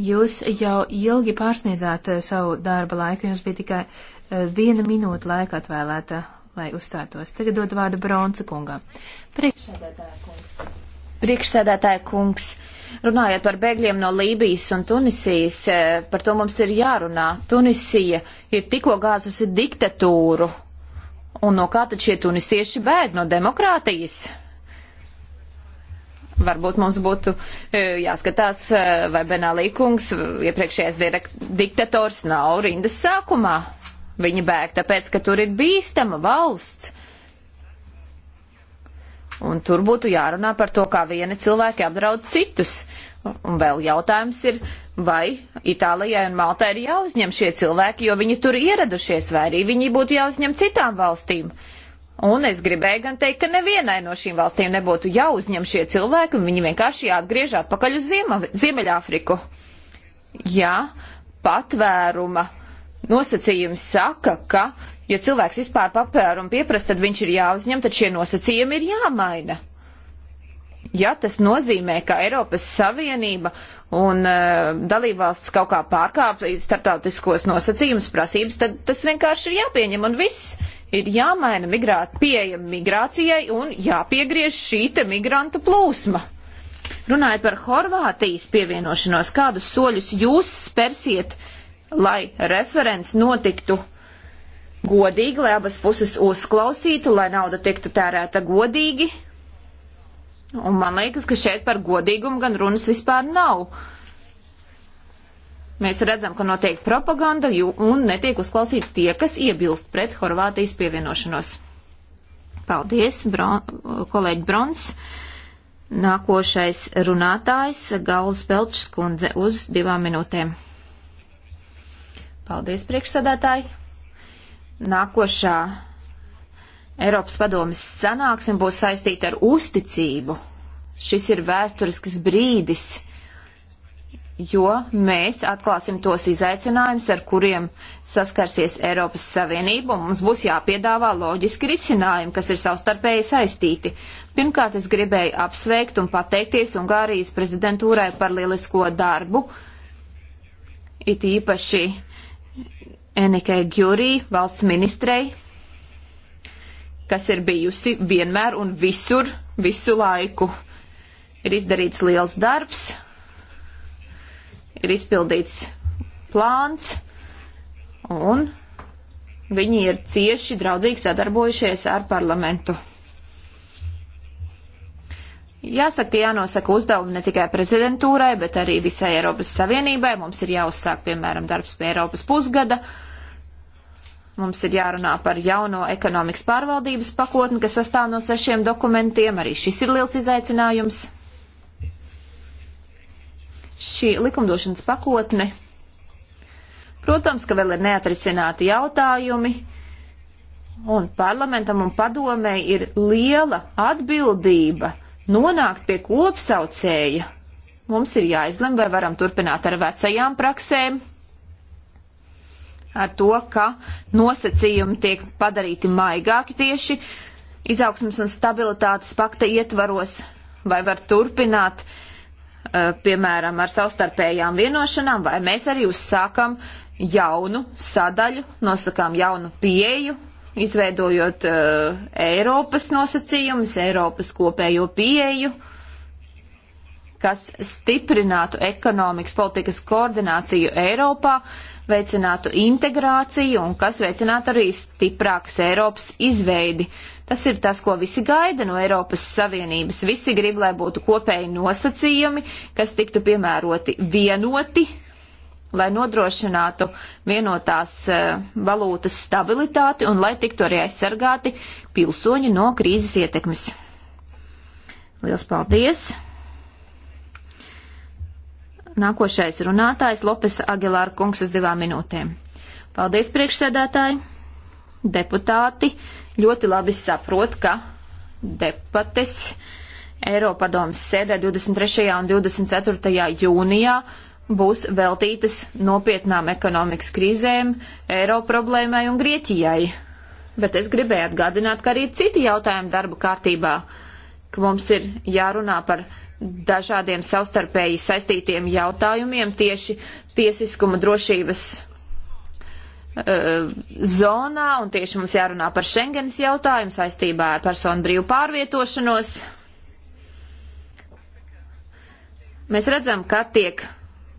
Jūs jau ilgi pārsniedzāt eh, savu darba laiku, jums bija tikai eh, viena minūte laika atvēlēta lai uzstātos. Tagad dod vārdu Bronsa kungam. Priekšsēdētāja kungs. Priekšsēdētāja kungs. Runājot par bēgļiem no Lībijas un Tunisijas, eh, par to mums ir jārunā. Tunisija ir tikko gāzusi diktatūru. Un no kā tad šie tunisieši bēg no demokrātijas? Varbūt mums būtu eh, jāskatās, eh, vai Benālī kungs, iepriekšējais diktators, nav rindas sākumā. Viņi bēg tāpēc, ka tur ir bīstama valsts. Un tur būtu jārunā par to, kā vieni cilvēki apdraud citus. Un vēl jautājums ir, vai Itālijai un Maltai ir jāuzņem šie cilvēki, jo viņi tur ieradušies, vai arī viņi būtu jāuzņem citām valstīm. Un es gribēju gan teikt, ka nevienai no šīm valstīm nebūtu jāuzņem šie cilvēki, un viņi vienkārši jāatgriež atpakaļ uz Ziemeļāfriku. Jā, patvēruma nosacījumi saka, ka, ja cilvēks vispār papērumu pieprasa, tad viņš ir jāuzņem, tad šie nosacījumi ir jāmaina. Ja tas nozīmē, ka Eiropas Savienība un uh, dalībvalsts kaut kā pārkāpj starptautiskos nosacījumus, prasības, tad tas vienkārši ir jāpieņem un viss ir jāmaina migrāt, pieeja migrācijai un jāpiegriež šīta migrantu plūsma. Runājot par Horvātijas pievienošanos, kādus soļus jūs spersiet uh, lai referents notiktu godīgi, lai abas puses uzklausītu, lai nauda tiktu tērēta godīgi. Un man liekas, ka šeit par godīgumu gan runas vispār nav. Mēs redzam, ka notiek propaganda un netiek uzklausīti tie, kas iebilst pret Horvātijas pievienošanos. Paldies, bron, kolēģi Brons. Nākošais runātājs Gauls Belčs kundze uz divām minūtēm. Paldies, priekšsēdētāji! Nākošā Eiropas padomis sanāksme būs saistīta ar uzticību. Šis ir vēsturisks brīdis, jo mēs atklāsim tos izaicinājumus, ar kuriem saskarsies Eiropas Savienība, un mums būs jāpiedāvā loģiski risinājumi, kas ir savstarpēji saistīti. Pirmkārt, es gribēju apsveikt un pateikties Ungārijas prezidentūrai par lielisko darbu, it īpaši uh, Enikai Gjurī, valsts ministrei, kas ir bijusi vienmēr un visur, visu laiku. Ir izdarīts liels darbs, ir izpildīts plāns, un viņi ir cieši draudzīgi sadarbojušies ar parlamentu. Jāsaka, jānosaka uzdevumi ne tikai prezidentūrai, bet arī visai Eiropas Savienībai. Mums ir jāuzsāk, piemēram, darbs pie Eiropas pusgada. Mums ir jārunā par jauno ekonomikas pārvaldības pakotni, kas sastāv no sešiem dokumentiem. Arī šis ir liels izaicinājums. Šī likumdošanas pakotne. Protams, ka vēl ir neatrisināti jautājumi. Un parlamentam un padomē ir liela atbildība nonākt pie kopsaucēja, mums ir jāizlem, vai varam turpināt ar vecajām praksēm, ar to, ka nosacījumi tiek padarīti maigāki tieši izaugsmas un stabilitātes pakta ietvaros, vai var turpināt, eh, piemēram, ar savstarpējām vienošanām, vai mēs arī uzsākam jaunu sadaļu, nosakām jaunu pieeju izveidojot uh, Eiropas nosacījumus, Eiropas kopējo pieeju, kas stiprinātu ekonomikas politikas koordināciju Eiropā, veicinātu integrāciju un kas veicinātu arī stiprākas Eiropas izveidi. Tas ir tas, ko visi gaida no Eiropas Savienības. Visi grib, lai būtu kopēji nosacījumi, kas tiktu piemēroti vienoti lai nodrošinātu vienotās e, valūtas stabilitāti un lai tiktu arī aizsargāti pilsoņi no krīzes ietekmes. Liels paldies! Nākošais runātājs Lopes Agilāra kungs uz divām minūtēm. Paldies, priekšsēdētāji! Deputāti ļoti labi saprot, ka debates Eiropadomas sēdē 23. un 24. jūnijā būs veltītas nopietnām ekonomikas krīzēm, eiro problēmai un Grieķijai. Bet es gribēju atgādināt, ka arī citi jautājumi darba kārtībā, ka mums ir jārunā par dažādiem savstarpēji saistītiem jautājumiem tieši tiesiskuma drošības uh, zonā, un tieši mums jārunā par Schengenas jautājumu saistībā ar personu brīvu pārvietošanos. Mēs redzam, ka tiek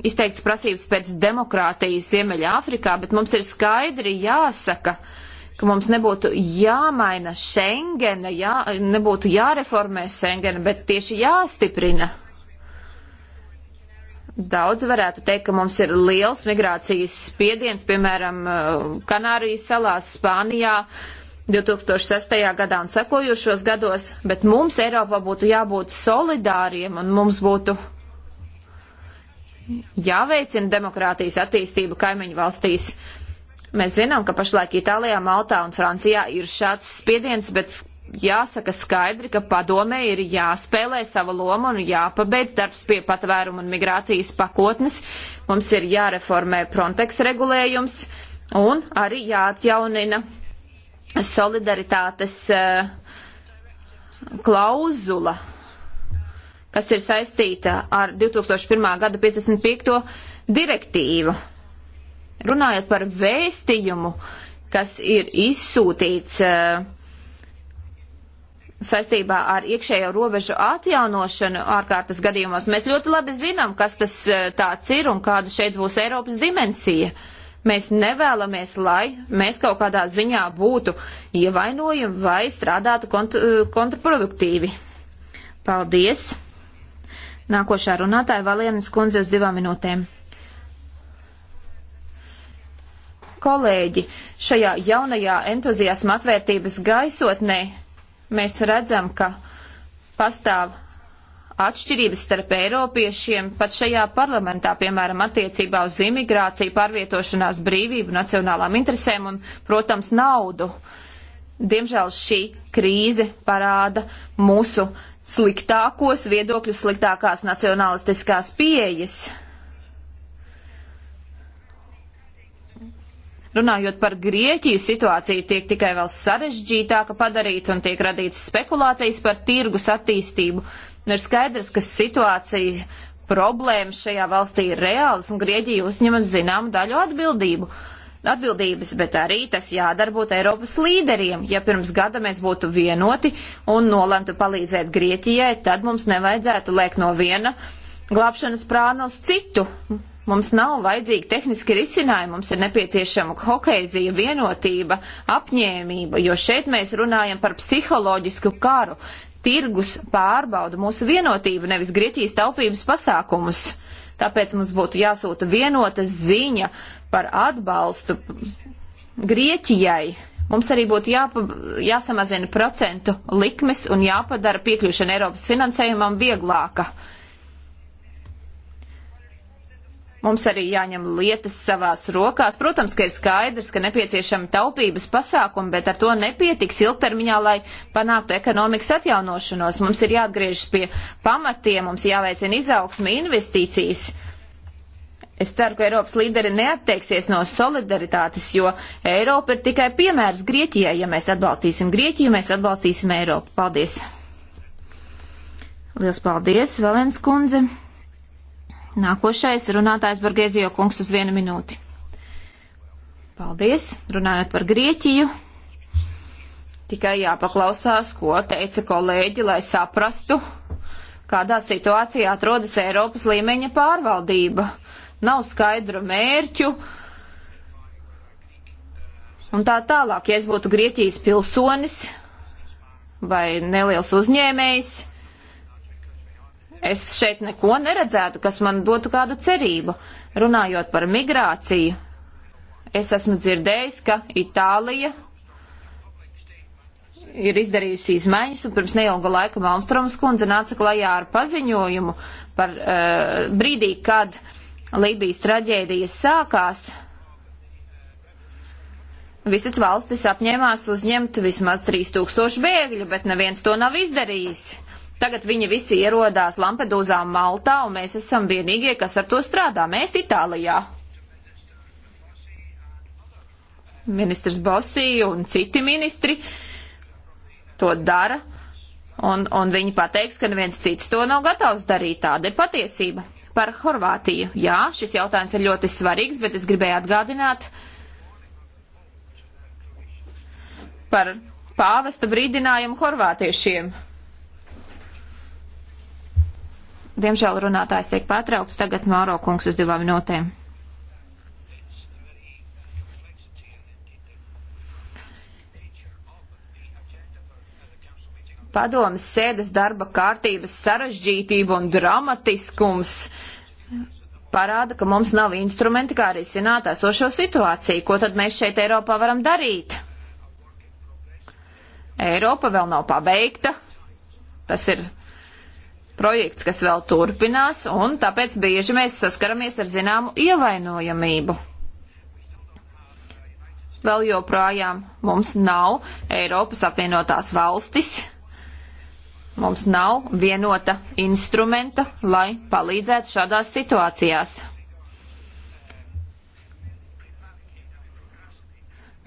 izteikts prasības pēc demokrātijas Ziemeļa Afrikā, bet mums ir skaidri jāsaka, ka mums nebūtu jāmaina Schengena, jā, nebūtu jāreformē Schengena, bet tieši jāstiprina. Daudz varētu teikt, ka mums ir liels migrācijas spiediens, piemēram, Kanārijas salās, Spānijā 2006. gadā un sekojušos gados, bet mums Eiropā būtu jābūt solidāriem un mums būtu jāveicina demokrātijas attīstība kaimiņu valstīs. Mēs zinām, ka pašlaik Itālijā, Maltā un Francijā ir šāds spiediens, bet jāsaka skaidri, ka padomē ir jāspēlē sava loma un jāpabeidz darbs pie patvērumu un migrācijas pakotnes. Mums ir jāreformē Frontex regulējums un arī jāatjaunina solidaritātes eh, klauzula kas ir saistīta ar 2001. gada 55. direktīvu. Runājot par vēstījumu, kas ir izsūtīts eh, saistībā ar iekšējo robežu atjaunošanu ārkārtas gadījumos, mēs ļoti labi zinām, kas tas eh, tāds ir un kāda šeit būs Eiropas dimensija. Mēs nevēlamies, lai mēs kaut kādā ziņā būtu ievainojumi vai strādātu kontr eh, kontraproduktīvi. Paldies! Nākošā runātāja Valienas kundze uz divām minūtēm. Kolēģi, šajā jaunajā entuziasma atvērtības gaisotnē mēs redzam, ka pastāv atšķirības starp Eiropiešiem pat šajā parlamentā, piemēram, attiecībā uz imigrāciju, pārvietošanās brīvību, nacionālām interesēm un, protams, naudu. Diemžēl šī krīze parāda mūsu sliktākos viedokļus, sliktākās nacionalistiskās pieejas. Runājot par Grieķiju, situācija tiek tikai vēl sarežģītāka padarīta un tiek radītas spekulācijas par tirgus attīstību. Un ir skaidrs, ka situācija problēmas šajā valstī ir reālas un Grieķija uzņemas zināmu daļu atbildību. Uh, atbildības, bet arī tas jādarbūt Eiropas līderiem. Ja pirms gada mēs būtu vienoti un nolemtu palīdzēt Grieķijai, tad mums nevajadzētu liek no viena glābšanas prāna uz citu. Mums nav vajadzīgi tehniski risinājumi, mums ir nepieciešama hokeizija, vienotība, apņēmība, jo šeit mēs runājam par psiholoģisku karu. Tirgus pārbauda mūsu vienotību, nevis Grieķijas taupības pasākumus. Tāpēc mums būtu jāsūta vienota ziņa par atbalstu Grieķijai, mums arī būtu jāpa, jāsamazina procentu likmes un jāpadara piekļūšana Eiropas finansējumam vieglāka. Mums arī jāņem lietas savās rokās. Protams, ka ir skaidrs, ka nepieciešami taupības pasākumi, bet ar to nepietiks ilgtermiņā, lai panāktu ekonomikas atjaunošanos. Mums ir jāatgriežas pie pamatiem, mums jāveicina izaugsme, investīcijas. Es ceru, ka Eiropas līderi neatteiksies no solidaritātes, jo Eiropa ir tikai piemērs Grieķijai. Ja mēs atbalstīsim Grieķiju, mēs atbalstīsim Eiropu. Paldies! Lielas paldies, Valens kundze! Nākošais runātājs Bargēzijo kungs uz vienu minūti. Paldies! Runājot par Grieķiju, tikai jāpaklausās, ko teica kolēģi, lai saprastu, kādā situācijā atrodas Eiropas līmeņa pārvaldība nav skaidru mērķu. Un tā tālāk, ja es būtu Grieķijas pilsonis vai neliels uzņēmējs, es šeit neko neredzētu, kas man dotu kādu cerību. Runājot par migrāciju, es esmu dzirdējis, ka Itālija ir izdarījusi izmaiņas, un pirms neilga laika Malmstromas kundze nāca klajā ar paziņojumu par uh, brīdī, kad uh, Lībijas traģēdijas sākās, visas valstis apņēmās uzņemt vismaz 3000 bēgļu, bet neviens to nav izdarījis. Tagad viņi visi ierodās Lampedūzā Maltā, un mēs esam vienīgie, kas ar to strādā. Mēs Itālijā. Ministrs Bosī un citi ministri to dara, un, un viņi pateiks, ka neviens cits to nav gatavs darīt. Tāda ir patiesība. Par Horvātiju. Jā, šis jautājums ir ļoti svarīgs, bet es gribēju atgādināt par pāvesta brīdinājumu horvātiešiem. Diemžēl runātājs tiek pārtraukts, tagad Māro kungs uz divām minūtēm. padomas sēdes darba kārtības sarežģītība un dramatiskums parāda, ka mums nav instrumenti, kā arī sināt esošo situāciju. Ko tad mēs šeit Eiropā varam darīt? Eiropa vēl nav pabeigta. Tas ir projekts, kas vēl turpinās, un tāpēc bieži mēs saskaramies ar zināmu ievainojamību. Vēl joprojām mums nav Eiropas apvienotās valstis, Mums nav vienota instrumenta, lai palīdzētu šādās situācijās.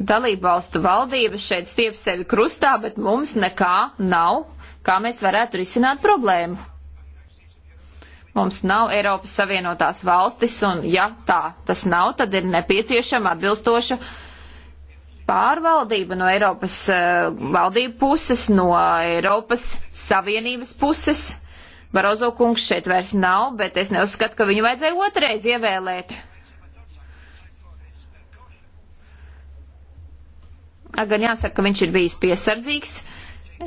Dalībvalstu valdības šeit stiep sevi krustā, bet mums nekā nav, kā mēs varētu risināt problēmu. Mums nav Eiropas Savienotās valstis, un ja tā tas nav, tad ir nepieciešama atbilstoša pārvaldība no Eiropas uh, valdību puses, no Eiropas Savienības puses. Barozo kungs šeit vairs nav, bet es neuzskatu, ka viņu vajadzēja otrreiz ievēlēt. Gan jāsaka, ka viņš ir bijis piesardzīgs.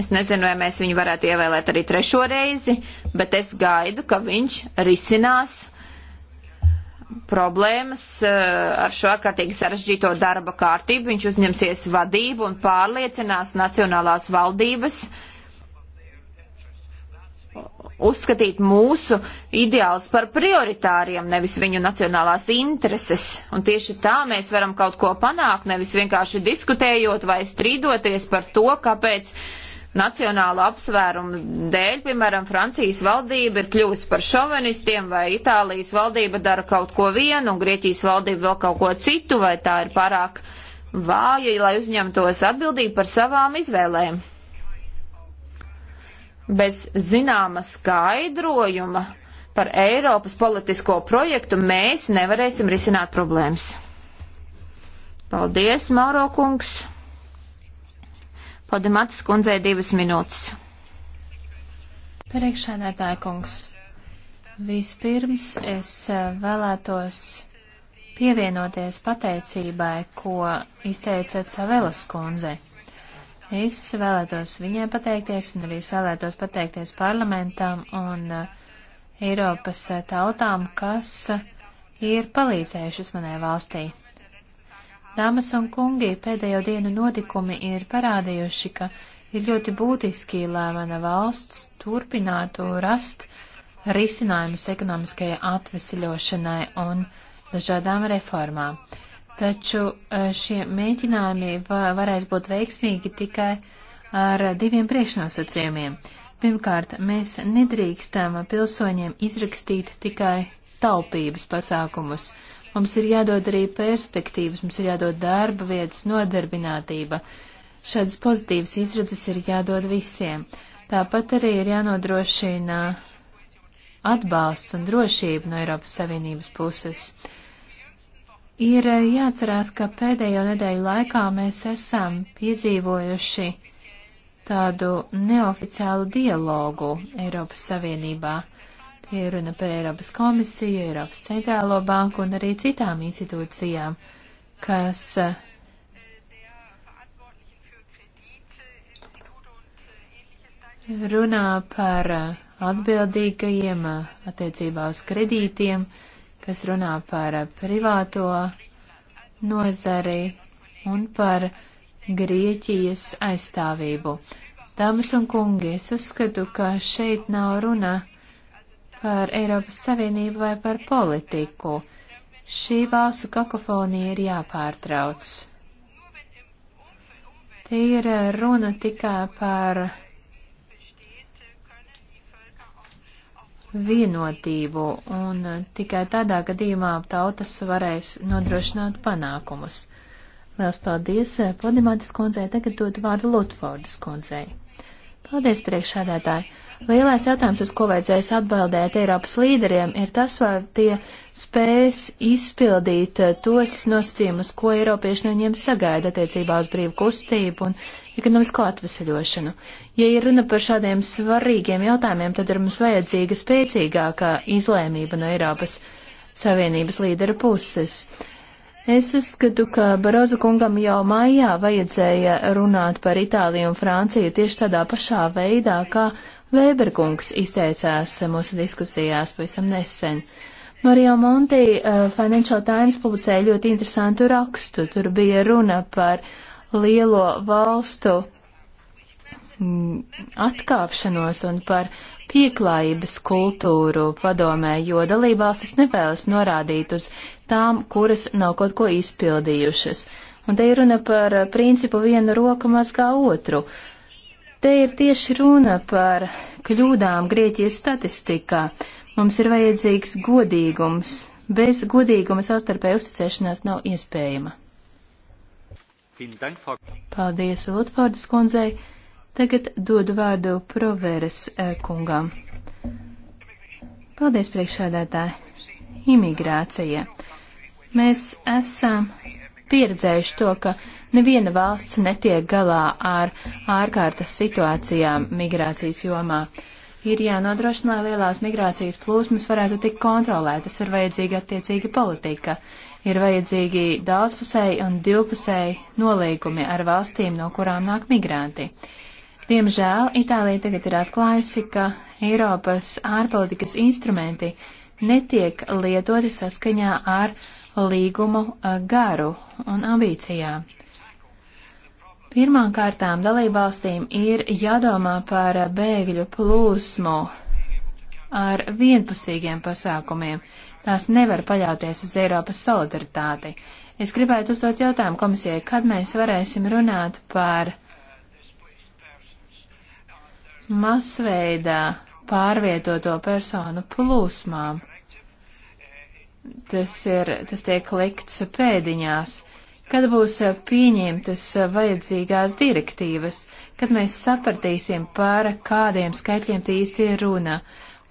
Es nezinu, vai mēs viņu varētu ievēlēt arī trešo reizi, bet es gaidu, ka viņš risinās problēmas eh, ar šo ārkārtīgi sarežģīto darba kārtību. Viņš uzņemsies vadību un pārliecinās nacionālās valdības uzskatīt mūsu ideālus par prioritāriem, nevis viņu nacionālās intereses. Un tieši tā mēs varam kaut ko panākt, nevis vienkārši diskutējot vai strīdoties par to, kāpēc uh, nacionālu apsvērumu dēļ, piemēram, Francijas valdība ir kļuvusi par šovinistiem, vai Itālijas valdība dara kaut ko vienu, un Grieķijas valdība vēl kaut ko citu, vai tā ir pārāk vāja, lai uzņemtos atbildību par savām izvēlēm. Bez zināma skaidrojuma par Eiropas politisko projektu mēs nevarēsim risināt problēmas. Paldies, Mauro kungs! Podimatas kundzei divas minūtes. Priekšsēdētāja kungs, vispirms es eh, vēlētos pievienoties pateicībai, ko izteicat Savelas kundzei. Es vēlētos viņai pateikties un arī es vēlētos pateikties parlamentam un eh, Eiropas tautām, kas eh, ir palīdzējušas manai valstī. Dāmas un kungi, pēdējo dienu notikumi ir parādījuši, ka ir ļoti būtiski, lai mana valsts turpinātu rast risinājumus ekonomiskajai atvesļošanai un dažādām reformām. Taču eh, šie mēģinājumi varēs būt veiksmīgi tikai ar diviem priekšnosacījumiem. Pirmkārt, mēs nedrīkstam pilsoņiem izrakstīt tikai taupības pasākumus. Mums ir jādod arī perspektīvas, mums ir jādod darba vietas, nodarbinātība. Šādas pozitīvas izredzes ir jādod visiem. Tāpat arī ir jānodrošina atbalsts un drošība no Eiropas Savienības puses. Ir eh, jāatcerās, ka pēdējo nedēļu laikā mēs esam piedzīvojuši tādu neoficiālu dialogu Eiropas Savienībā ir runa par Eiropas komisiju, Eiropas centrālo banku un arī citām institūcijām, kas eh, runā par eh, atbildīgajiem eh, attiecībā uz kredītiem, kas runā par privāto nozari un par Grieķijas aizstāvību. Dāmas un kungi, es uzskatu, ka šeit nav runa par Eiropas Savienību vai par politiku. Šī balsu kakofonija ir jāpārtrauc. Te ir runa tikai par vienotību, un tikai tādā gadījumā tautas varēs nodrošināt panākumus. Lielas paldies eh, Podimātas kundzei, tagad dod vārdu Lutfordas kundzei. Paldies priekšādētāji! Lielais jautājums, uz ko vajadzēs atbildēt Eiropas līderiem, ir tas, vai tie spēs izpildīt eh, tos nosacījumus, ko Eiropieši no viņiem sagaida attiecībā uz brīvu kustību un ekonomisko atvesaļošanu. Ja ir runa par šādiem svarīgiem jautājumiem, tad ir mums vajadzīga spēcīgākā izlēmība no Eiropas Savienības līdera puses. Uh, Es uzskatu, ka Barozu kungam jau maijā vajadzēja runāt par Itāliju un Franciju tieši tādā pašā veidā, kā Vēberkungs izteicās mūsu diskusijās pavisam nesen. Mario Monti uh, Financial Times publicēja ļoti interesantu rakstu. Tur bija runa par lielo valstu mm, atkāpšanos un par pieklājības kultūru padomē, jo dalībvalstis nevēlas norādīt uz tām, kuras nav kaut ko izpildījušas. Un te ir runa par eh, principu viena roka mazgā otru. Te ir tieši runa par kļūdām Grieķijas statistikā. Mums ir vajadzīgs godīgums. Bez godīguma savstarpēja uzticēšanās nav iespējama. Paldies Lutfordas kundzei. Tagad dodu vārdu Proveres eh, kungam. Paldies, priekšādātāji. Imigrācija. Mēs esam pieredzējuši to, ka neviena valsts netiek galā ar ārkārtas situācijām migrācijas jomā. Ir jānodrošina, lai lielās migrācijas plūsmas varētu tikt kontrolētas, ir vajadzīga attiecīga politika, ir vajadzīgi daudzpusēji un divpusēji nolīgumi ar valstīm, no kurām nāk migranti. Diemžēl Itālija tagad ir atklājusi, ka Eiropas ārpolitikas instrumenti netiek lietoti saskaņā ar līgumu eh, garu un ambīcijām. Pirmām kārtām dalībvalstīm ir jādomā par bēgļu plūsmu ar vienpusīgiem pasākumiem. Tās nevar paļauties uz Eiropas solidaritāti. Es gribētu uzdot jautājumu komisijai, kad mēs varēsim runāt par uh, masveidā pārvietoto personu plūsmām. Tas, ir, tas tiek likts pēdiņās, kad būs pieņemtas vajadzīgās direktīvas, kad mēs sapratīsim, par kādiem skaitļiem tie īsti ir runa.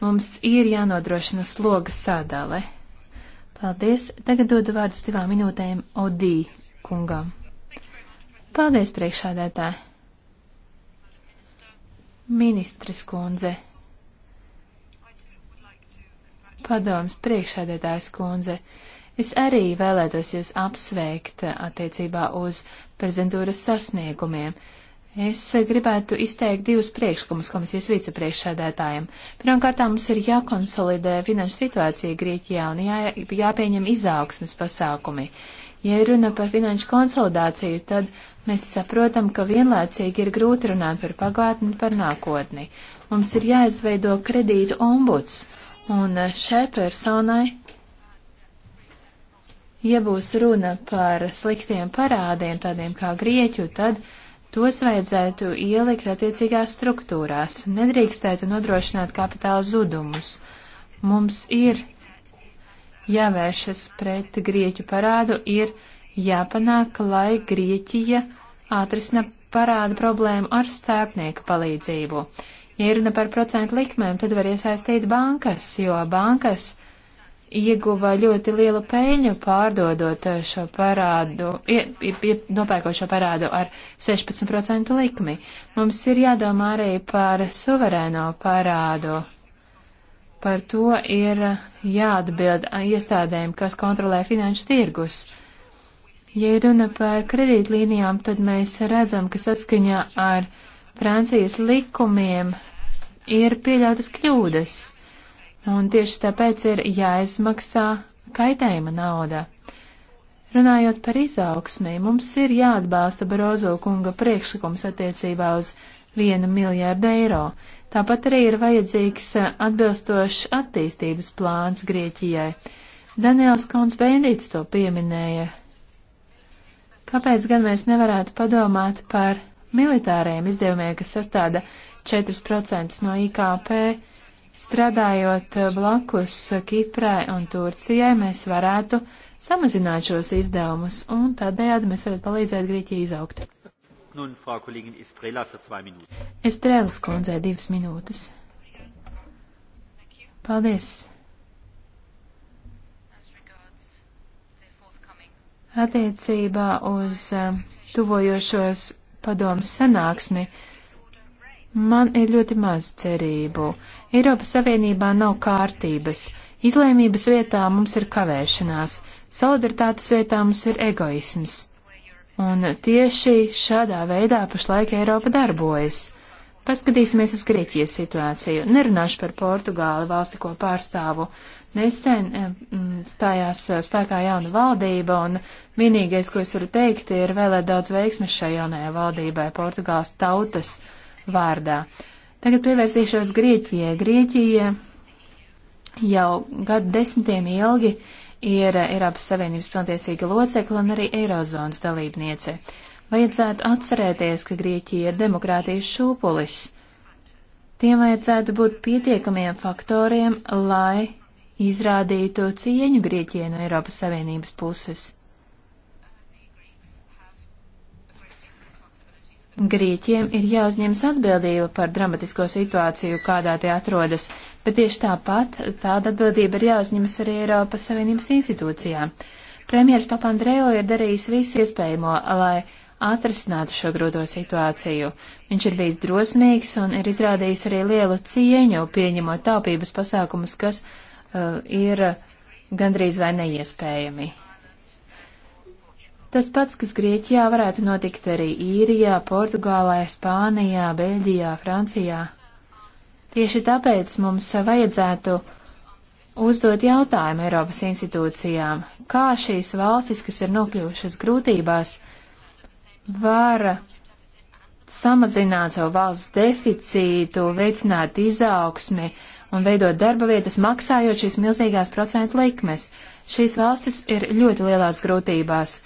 Mums ir jānodrošina sloga sadale. Paldies. Tagad dodu vārdu divām minūtēm Odī kungam. Paldies, priekšādētāji! Ministres kundze, padoms priekšādētājs kundze, es arī vēlētos jūs apsveikt uh, attiecībā uz prezentūras sasniegumiem. Es uh, gribētu izteikt divus priekšlikumus komisijas vicepriekšsēdētājiem. Pirmkārt, mums ir jākonsolidē finanšu situācija Grieķijā un jā, jāpieņem izaugsmes pasākumi. Ja runa par finanšu konsolidāciju, tad mēs saprotam, ka vienlaicīgi ir grūti runāt par pagātni un par nākotni. Mums ir jāizveido kredītu ombuds, un šai personai, ja būs runa par sliktiem parādiem, tādiem kā grieķu, tad tos vajadzētu ielikt attiecīgās struktūrās, nedrīkstētu nodrošināt kapitāla zudumus. Mums ir jāvēršas pret Grieķu parādu, ir jāpanāk, lai Grieķija atrisina parāda problēmu ar starpnieku palīdzību. Ja runa par procentu likmēm, tad var iesaistīt bankas, jo bankas ieguva ļoti lielu peļņu pārdodot šo parādu, ie, ie, nopērkot šo parādu ar 16% likmi. Mums ir jādomā arī par suverēno parādu Par to ir jāatbild iestādēm, kas kontrolē finanšu tirgus. Ja runa par kredītlīnijām, tad mēs redzam, ka saskaņā ar Francijas likumiem ir pieļautas kļūdas, un tieši tāpēc ir jāizmaksā kaitējuma nauda. Runājot par izaugsmī, mums ir jāatbalsta Barozo kunga priekšlikums attiecībā uz vienu miljārdu eiro. Tāpat arī ir vajadzīgs eh, atbilstošs attīstības plāns Grieķijai. Daniels Kons Bendīts to pieminēja. Kāpēc gan mēs nevarētu padomāt par militāriem izdevumiem, kas sastāda 4% no IKP? Strādājot eh, blakus Kiprai un Turcijai, mēs varētu samazināt šos izdevumus, un tādējādi mēs varētu palīdzēt Grieķijai izaugt. Nun, Frau Kollegin Estrela, für zwei Minuten. Estrēlas kundzē divas minūtes. Paldies. Attiecībā uz uh, tuvojošos padomus sanāksmi man ir ļoti maz cerību. Eiropas Savienībā nav kārtības. Izlēmības vietā mums ir kavēšanās, solidaritātes vietā mums ir egoisms. Un tieši šādā veidā pašlaik Eiropa darbojas. Paskatīsimies uz Grieķijas situāciju. Nerunāšu par Portugāli, valsti, ko pārstāvu. Nesen stājās eh, spēkā jauna valdība, un vienīgais, ko es varu teikt, ir vēlēt daudz veiksmes šai jaunajai valdībai Portugāls tautas vārdā. Tagad pievērsīšos Grieķijai. Grieķija jau gadu desmitiem ilgi ir Eiropas Savienības pilntiesīga locekla un arī Eirozonas dalībniece. Vajadzētu atcerēties, ka Grieķija ir demokrātijas šūpulis. Tiem vajadzētu būt pietiekamiem faktoriem, lai izrādītu cieņu Grieķijai no Eiropas Savienības puses. Grieķiem ir jāuzņemas atbildība par dramatisko situāciju, kādā tie atrodas, bet tieši tāpat tāda atbildība ir jāuzņemas arī Eiropas Savienības institūcijām. Premjeras Papandreo ir darījis visu iespējamo, lai atrisinātu šo grūto situāciju. Viņš ir bijis drosmīgs un ir izrādījis arī lielu cieņu, pieņemot taupības pasākumus, kas uh, ir gandrīz vai neiespējami. Tas pats, kas Grieķijā varētu notikt arī Īrijā, Portugālē, Spānijā, Beļģijā, Francijā. Tieši tāpēc mums vajadzētu uzdot jautājumu Eiropas institūcijām, kā šīs valstis, kas ir nokļuvušas grūtībās, var samazināt savu valsts deficītu, veicināt izaugsmi un veidot darba vietas, maksājot šīs milzīgās procentu likmes. Šīs valstis ir ļoti lielās grūtībās.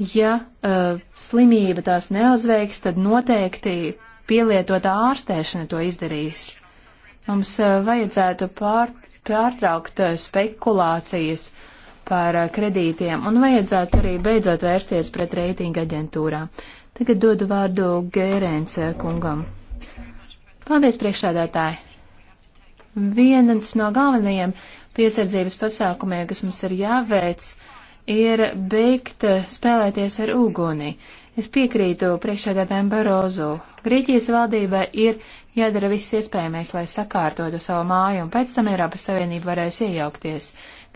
Ja uh, slimība tās neuzveiks, tad noteikti pielietotā ārstēšana to izdarīs. Mums uh, vajadzētu pār, pārtraukt uh, spekulācijas par uh, kredītiem un vajadzētu arī beidzot vērsties pret reitinga aģentūrām. Tagad dodu vārdu Gērēns uh, kungam. Paldies, priekšādātāji! Viens no galvenajiem piesardzības pasākumiem, kas mums ir jāveic, uh, ir beigt spēlēties ar uguni. Es piekrītu priekšsēdētājiem Barozu. Grieķijas valdība ir jādara viss iespējamais, lai sakārtotu savu māju, un pēc tam Eiropas Savienība varēs iejaukties.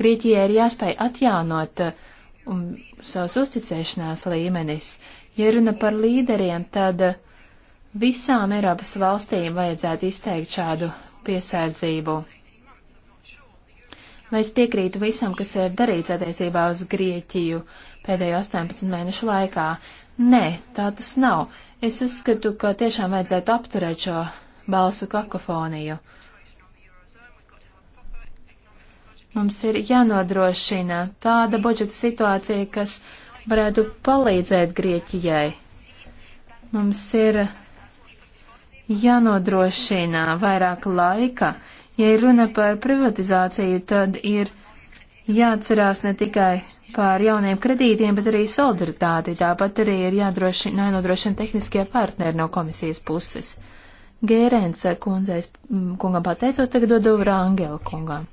Grieķijai ir jāspēj atjaunot um, savus uzticēšanās līmenis. Ja runa par līderiem, tad visām Eiropas valstīm vajadzētu izteikt šādu piesardzību. Vai es piekrītu visam, kas ir darīts attiecībā uz Grieķiju pēdējo 18 mēnešu laikā? Nē, tā tas nav. Es uzskatu, ka tiešām vajadzētu apturēt šo balsu kakofoniju. Mums ir jānodrošina tāda budžeta situācija, kas varētu palīdzēt Grieķijai. Mums ir jānodrošina vairāk laika Ja ir runa par privatizāciju, tad ir jāatcerās ne tikai par jauniem kredītiem, bet arī solidaritāti. Tāpat arī ir jādrošina, jānodrošina tehniskie partneri no komisijas puses. Gērēns kundzēs mm, kungam pateicos, tagad dodu vārā Angela kungam.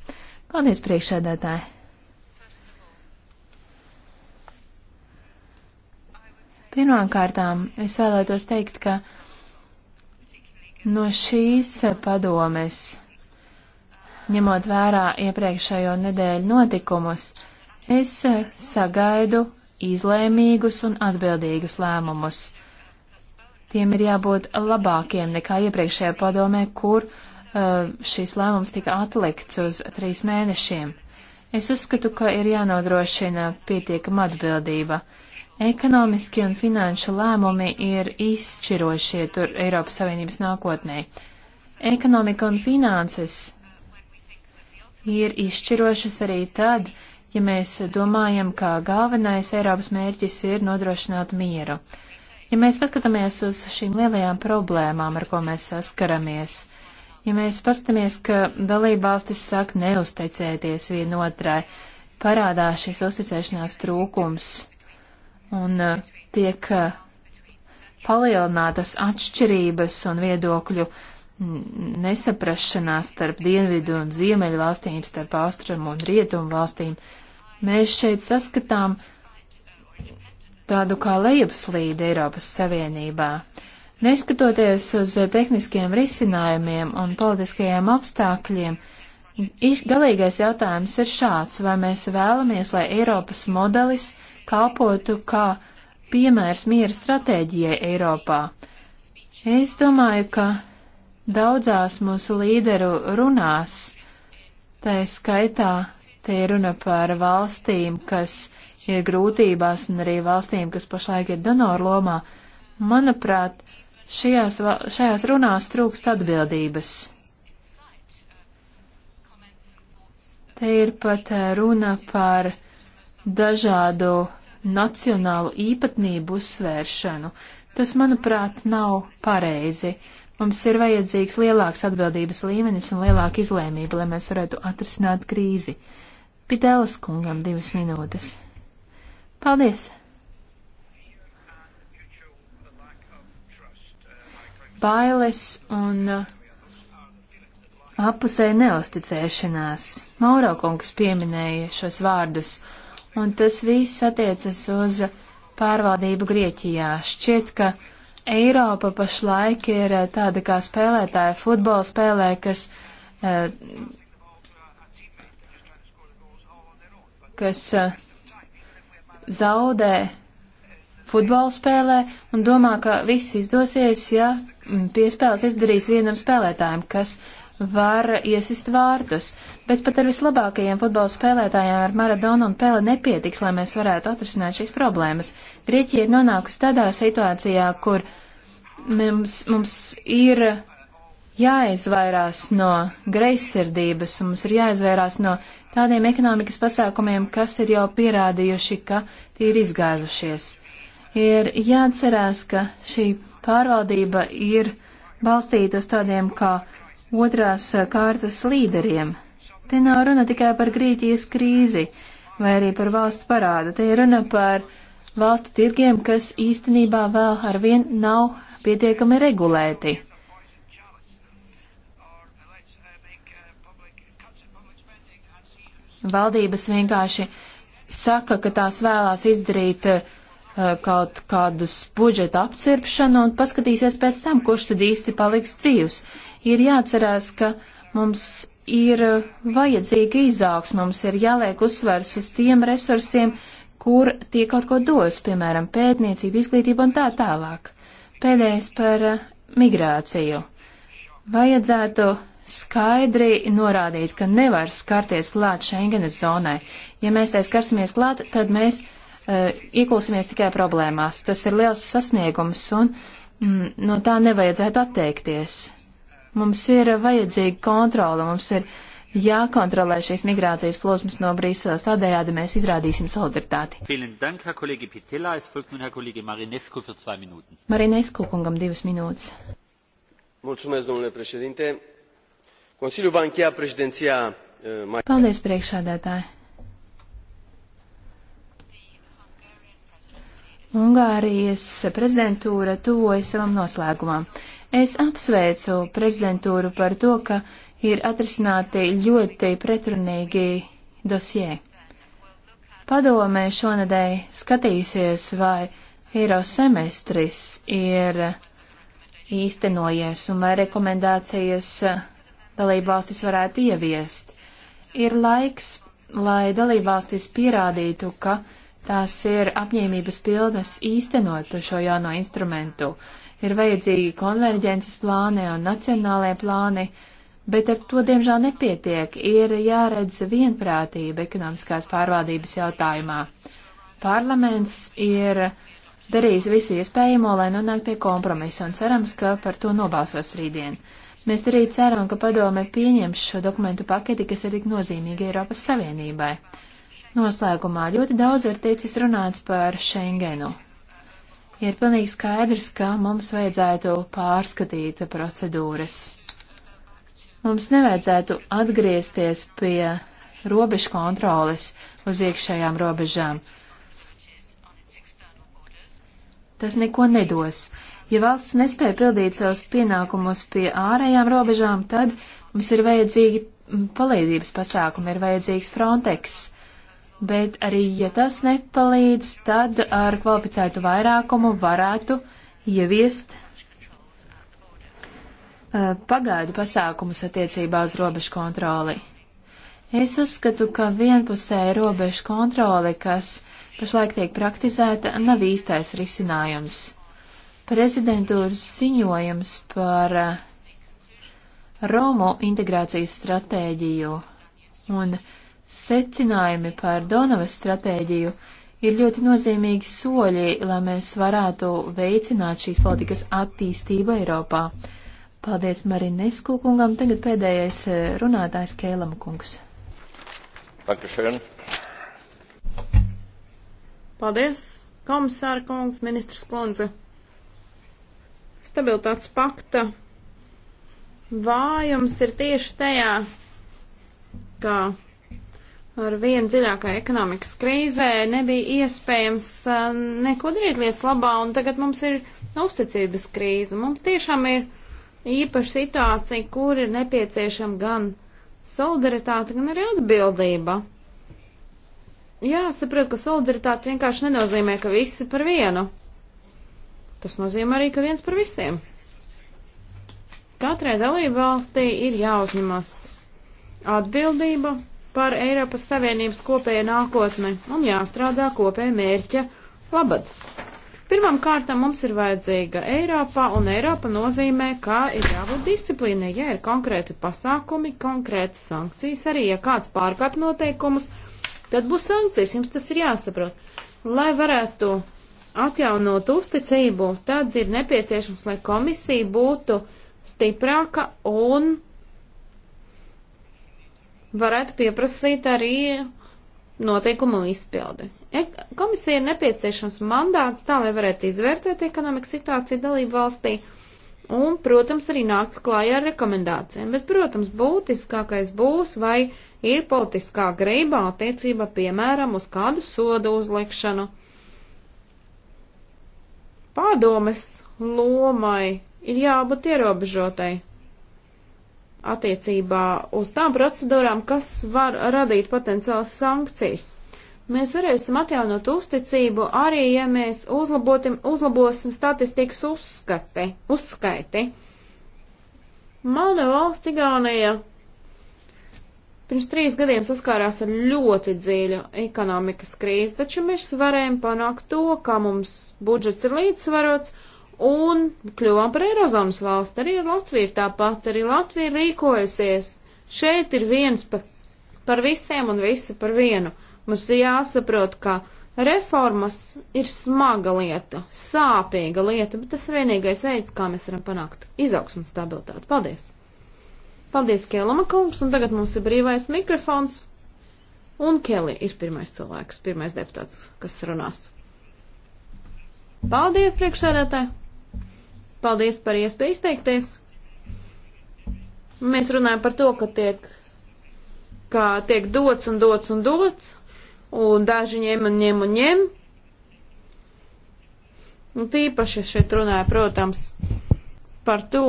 Paldies, priekšsēdētāji! Pirmkārtām es vēlētos teikt, ka no šīs padomes ņemot vērā iepriekšējo nedēļu notikumus, es eh, sagaidu izlēmīgus un atbildīgus lēmumus. Tiem ir jābūt labākiem nekā iepriekšējā padomē, kur uh, eh, šīs lēmums tika atlikts uz trīs mēnešiem. Es uzskatu, ka ir jānodrošina pietiekama atbildība. Ekonomiski un finanšu lēmumi ir izšķirošie tur Eiropas Savienības nākotnē. Ekonomika un finanses ir izšķirošas arī tad, ja mēs domājam, ka galvenais Eiropas mērķis ir nodrošināt mieru. Ja mēs paskatāmies uz šīm lielajām problēmām, ar ko mēs saskaramies, ja mēs paskatāmies, ka dalībvalstis sāk neusticēties vienotrai, parādās šis uzticēšanās trūkums un uh, tiek uh, palielinātas atšķirības un viedokļu uh, nesaprašanās starp dienvidu un ziemeļu valstīm, starp austrumu un rietumu valstīm, mēs šeit saskatām tādu kā lejupslīdi Eiropas Savienībā. Neskatoties uz tehniskiem risinājumiem un politiskajiem apstākļiem, galīgais jautājums ir šāds, vai mēs vēlamies, lai Eiropas modelis kalpotu kā piemērs miera stratēģijai Eiropā. Es domāju, ka daudzās mūsu līderu runās. Tā skaitā te ir runa par valstīm, kas ir grūtībās un arī valstīm, kas pašlaik ir donoru lomā. Manuprāt, šajās, šajās runās trūkst atbildības. Te ir pat eh, runa par dažādu nacionālu īpatnību uzsvēršanu. Tas, manuprāt, nav pareizi. Mums ir vajadzīgs lielāks atbildības līmenis un lielāka izlēmība, lai mēs varētu atrisināt krīzi. Pitēlas kungam divas minūtes. Paldies! Bailes un uh, apusē neusticēšanās. Mauro kungs pieminēja šos vārdus, un tas viss attiecas uz pārvaldību Grieķijā. Šķiet, ka Eiropa pašlaik ir eh, tāda kā spēlētāja futbola spēlē, kas, eh, kas eh, zaudē futbola spēlē un domā, ka viss izdosies, ja mm, piespēles izdarīs vienam spēlētājam, kas uh, var iesist vārtus, bet pat ar vislabākajiem futbola spēlētājiem ar Maradonu un Pele nepietiks, lai mēs varētu atrisināt šīs problēmas. Grieķija ir nonākusi tādā situācijā, kur mums, mums ir jāizvairās no greizsirdības, mums ir jāizvairās no tādiem ekonomikas pasākumiem, kas ir jau pierādījuši, ka tie ir izgāzušies. Ir jāatcerās, ka šī pārvaldība ir balstīta uz tādiem kā otrās eh, kārtas līderiem. Te nav runa tikai par Grieķijas krīzi vai arī par valsts parādu. Te ir runa par valstu tirgiem, kas īstenībā vēl ar vien nav pietiekami regulēti. Valdības vienkārši saka, ka tās vēlās izdarīt uh, kaut kādus budžeta apcirpšanu un paskatīsies pēc tam, kurš tad īsti paliks dzīvs ir jāatcerās, ka mums ir vajadzīga izaugsme, mums ir jāliek uzsvers uz tiem resursiem, kur tie kaut ko dos, piemēram, pētniecība, izglītība un tā tālāk. Pēdējais par eh, migrāciju. Vajadzētu skaidri norādīt, ka nevar skarties klāt Schengenes zonai. Ja mēs tai skarsimies klāt, tad mēs uh, iekulsimies tikai problēmās. Tas ir liels sasniegums un mm, no tā nevajadzētu atteikties. Mums ir vajadzīga kontrola, mums ir jākontrolē šīs migrācijas plosmas no Brīseles. Tādējādi mēs izrādīsim solidaritāti. Marinescu kungam divas minūtes. Mulțumesc, domnule președinte. Consiliul va încheia președinția uh, Paldies, priekšādātāji. Ungārijas prezidentūra tuvojas savam noslēgumam. Es apsveicu prezidentūru par to, ka ir atrisināti ļoti pretrunīgi dosie. Padomē šonadēļ skatīsies, vai Eiros semestris ir īstenojies un vai rekomendācijas dalībvalstis varētu ieviest. Ir laiks, lai dalībvalstis pierādītu, ka tās ir apņēmības pilnas īstenot šo jauno instrumentu ir vajadzīgi konverģences plāni un nacionālajie plāni, bet ar to diemžēl nepietiek. Ir jāredz vienprātība ekonomiskās pārvaldības jautājumā. Parlaments ir darījis visu iespējamo, lai nonāktu pie kompromisa un cerams, ka par to nobalsos rītdien. Mēs arī ceram, ka padome pieņems šo dokumentu paketi, kas ir tik nozīmīgi Eiropas Savienībai. Noslēgumā ļoti daudz ir teicis runāts par Schengenu ir pilnīgi skaidrs, ka mums vajadzētu pārskatīt procedūras. Mums nevajadzētu atgriezties pie robežu kontroles uz iekšējām robežām. Tas neko nedos. Ja valsts nespēja pildīt savus pienākumus pie ārējām robežām, tad mums ir vajadzīgi palīdzības pasākumi, ir vajadzīgs Frontex bet arī, ja tas nepalīdz, tad ar kvalificētu vairākumu varētu ieviest uh, pagaidu pasākumus attiecībā uz robežu kontroli. Es uzskatu, ka vienpusēja robežu kontrole, kas pašlaik tiek praktizēta, nav īstais risinājums. Prezidentūras ziņojums par uh, Romu integrācijas stratēģiju un uh, secinājumi par Donavas stratēģiju ir ļoti nozīmīgi soļi, lai mēs varētu veicināt šīs politikas attīstību Eiropā. Paldies Marinesku kungam, tagad pēdējais eh, runātājs Kēlam kungs. Dankeschön. Paldies, komisāra kungs, ministrs kundze. Stabilitātes pakta vājums ir tieši tajā, ka ar vienu dziļākā ekonomikas krīzē nebija iespējams neko darīt lietas labā, un tagad mums ir uzticības krīze. Mums tiešām ir īpaša situācija, kur ir nepieciešama gan solidaritāte, gan arī atbildība. Jāsaprot, ka solidaritāte vienkārši nenozīmē, ka visi par vienu. Tas nozīmē arī, ka viens par visiem. Katrai dalībvalstī ir jāuzņemas atbildība par Eiropas Savienības kopēju nākotni un jāstrādā kopēja mērķa labad. Pirmam kārtam mums ir vajadzīga Eiropa, un Eiropa nozīmē, ka ir jābūt disciplīnai, ja ir konkrēti pasākumi, konkrēti sankcijas, arī ja kāds pārkāp noteikumus, tad būs sankcijas, jums tas ir jāsaprot. Lai varētu atjaunot uzticību, tad ir nepieciešams, lai komisija būtu stiprāka un varētu pieprasīt arī noteikumu izpildi. Komisija ir nepieciešams mandāts tā, lai varētu izvērtēt ekonomikas situāciju dalību valstī un, protams, arī nākt klājā ar rekomendācijām. Bet, protams, būtiskākais būs, vai ir politiskā grība attiecība, piemēram, uz kādu sodu uzlikšanu. Pādomes lomai ir jābūt ierobežotai attiecībā uz tām procedūrām, kas var radīt potenciālas sankcijas. Mēs varēsim atjaunot uzticību arī, ja mēs uzlabosim statistikas uzskati, uzskaiti. Mana valsts Igaunija pirms trīs gadiem saskārās ar ļoti dziļu ekonomikas krīzi, taču mēs varējām panākt to, ka mums budžets ir līdzsvarots un kļuvām par Eirozonas valsti. Arī Latvija ir tāpat, arī Latvija ir rīkojusies. Šeit ir viens pa, par visiem un visi par vienu. Mums ir jāsaprot, ka reformas ir smaga lieta, sāpīga lieta, bet tas ir vienīgais veids, kā mēs varam panākt izaugsmu un stabilitāti. Paldies! Paldies, Kēlama kungs, un tagad mums ir brīvais mikrofons. Un Kelly ir pirmais cilvēks, pirmais deputāts, kas runās. Paldies, priekšsēdētāji! Paldies par iespēju izteikties. Mēs runājam par to, ka tiek, ka tiek dots un dots un dots, un daži ņem un ņem un ņem. Un tīpaši šeit runāja, protams, par to,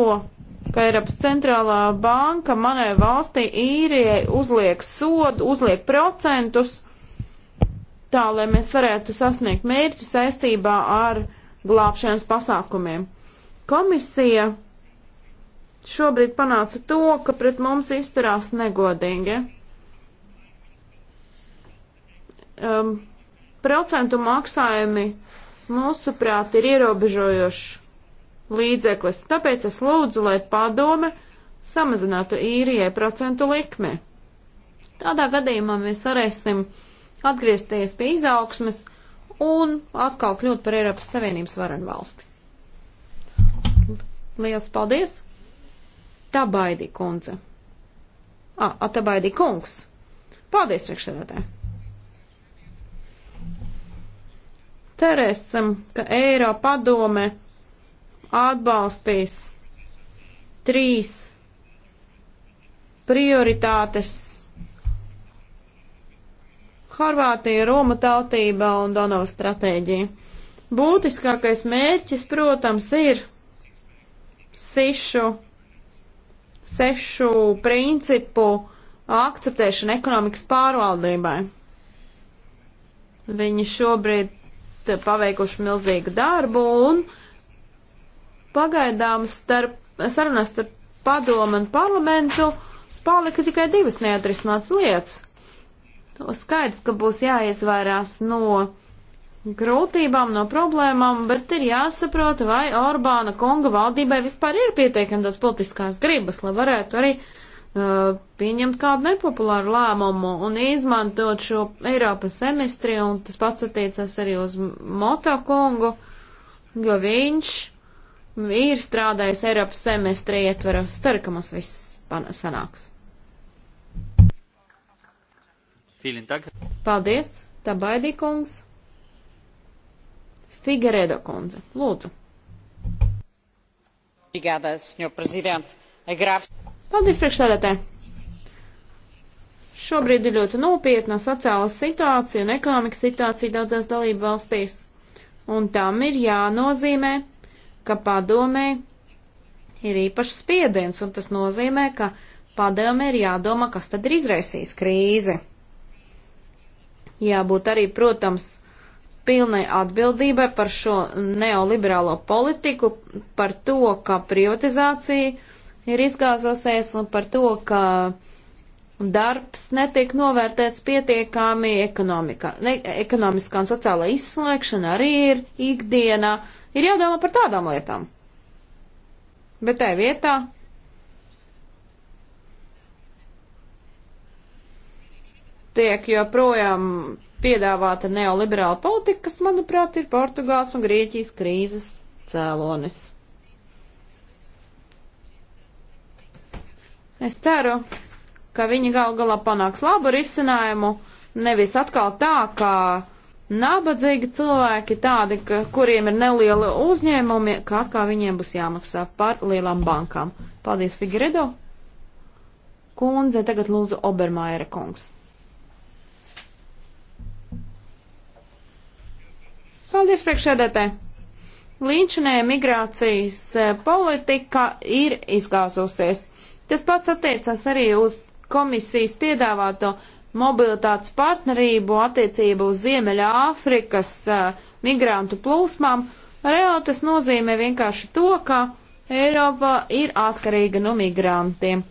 ka Eiropas centrālā banka manai valstī īrijai uzliek sodu, uzliek procentus, tā lai mēs varētu sasniegt mērķu saistībā ar glābšanas pasākumiem. Komisija šobrīd panāca to, ka pret mums izturās negodīgi. Um, procentu maksājumi mūsuprāt ir ierobežojošs līdzeklis, tāpēc es lūdzu, lai padome samazinātu īrijai procentu likmi. Tādā gadījumā mēs varēsim atgriezties pie izaugsmes un atkal kļūt par Eiropas Savienības varenvalsti. Lielas paldies! Tā baidī kundze. Ah, a, a tā baidī kungs. Paldies, priekšsēdētāji! Cerēsim, ka Eiropa padome atbalstīs trīs prioritātes. Horvātija, Roma tautība un Donava stratēģija. Būtiskākais mērķis, protams, ir sešu, sešu principu akceptēšana ekonomikas pārvaldībai. Viņi šobrīd paveikuši milzīgu darbu un pagaidām starp, sarunās starp padomu un parlamentu palika tikai divas neatrisināts lietas. To skaidrs, ka būs jāizvairās no grūtībām, no problēmām, bet ir jāsaprot, vai Orbāna kunga valdībai vispār ir pietiekami daudz politiskās gribas, lai varētu arī uh, pieņemt kādu nepopulāru lēmumu un izmantot šo Eiropas semestri, un tas pats attiecas arī uz Moto kungu, jo viņš ir strādājis Eiropas semestri ietvara. Ceru, ka mums viss sanāks. Paldies, Tabaidī kungs! Figueredo kundze, lūdzu. Paldies, priekšsēdētāji! Šobrīd ir ļoti nopietna sociāla situācija un ekonomikas situācija daudzās dalību valstīs, un tam ir jānozīmē, ka padomē ir īpašs spiediens, un tas nozīmē, ka padomē ir jādomā, kas tad ir izraisījis krīzi. Jābūt arī, protams, pilnai atbildībai par šo neoliberālo politiku, par to, ka privatizācija ir izgāzusies un par to, ka darbs netiek novērtēts pietiekami, ekonomika, ne, ekonomiskā un sociālā izslēgšana arī ir ikdienā. Ir jādomā par tādām lietām. Bet tai vietā tiek joprojām piedāvāta neoliberāla politika, kas, manuprāt, ir Portugāls un Grieķijas krīzes cēlonis. Es ceru, ka viņi gal galā panāks labu risinājumu, nevis atkal tā, kā nabadzīgi cilvēki tādi, ka, kuriem ir neliela uzņēmumi, kā atkal viņiem būs jāmaksā par lielām bankām. Paldies, Figredo! Kundze, tagad lūdzu Obermaiera kungs. Paldies priekšēdētāji! Līdšanēja migrācijas eh, politika ir izgāzusies. Tas pats attiecas arī uz komisijas piedāvāto mobilitātes partnerību attiecību uz Ziemeļa Āfrikas uh, eh, migrantu plūsmām. Reāli tas nozīmē vienkārši to, ka Eiropa ir atkarīga no migrantiem.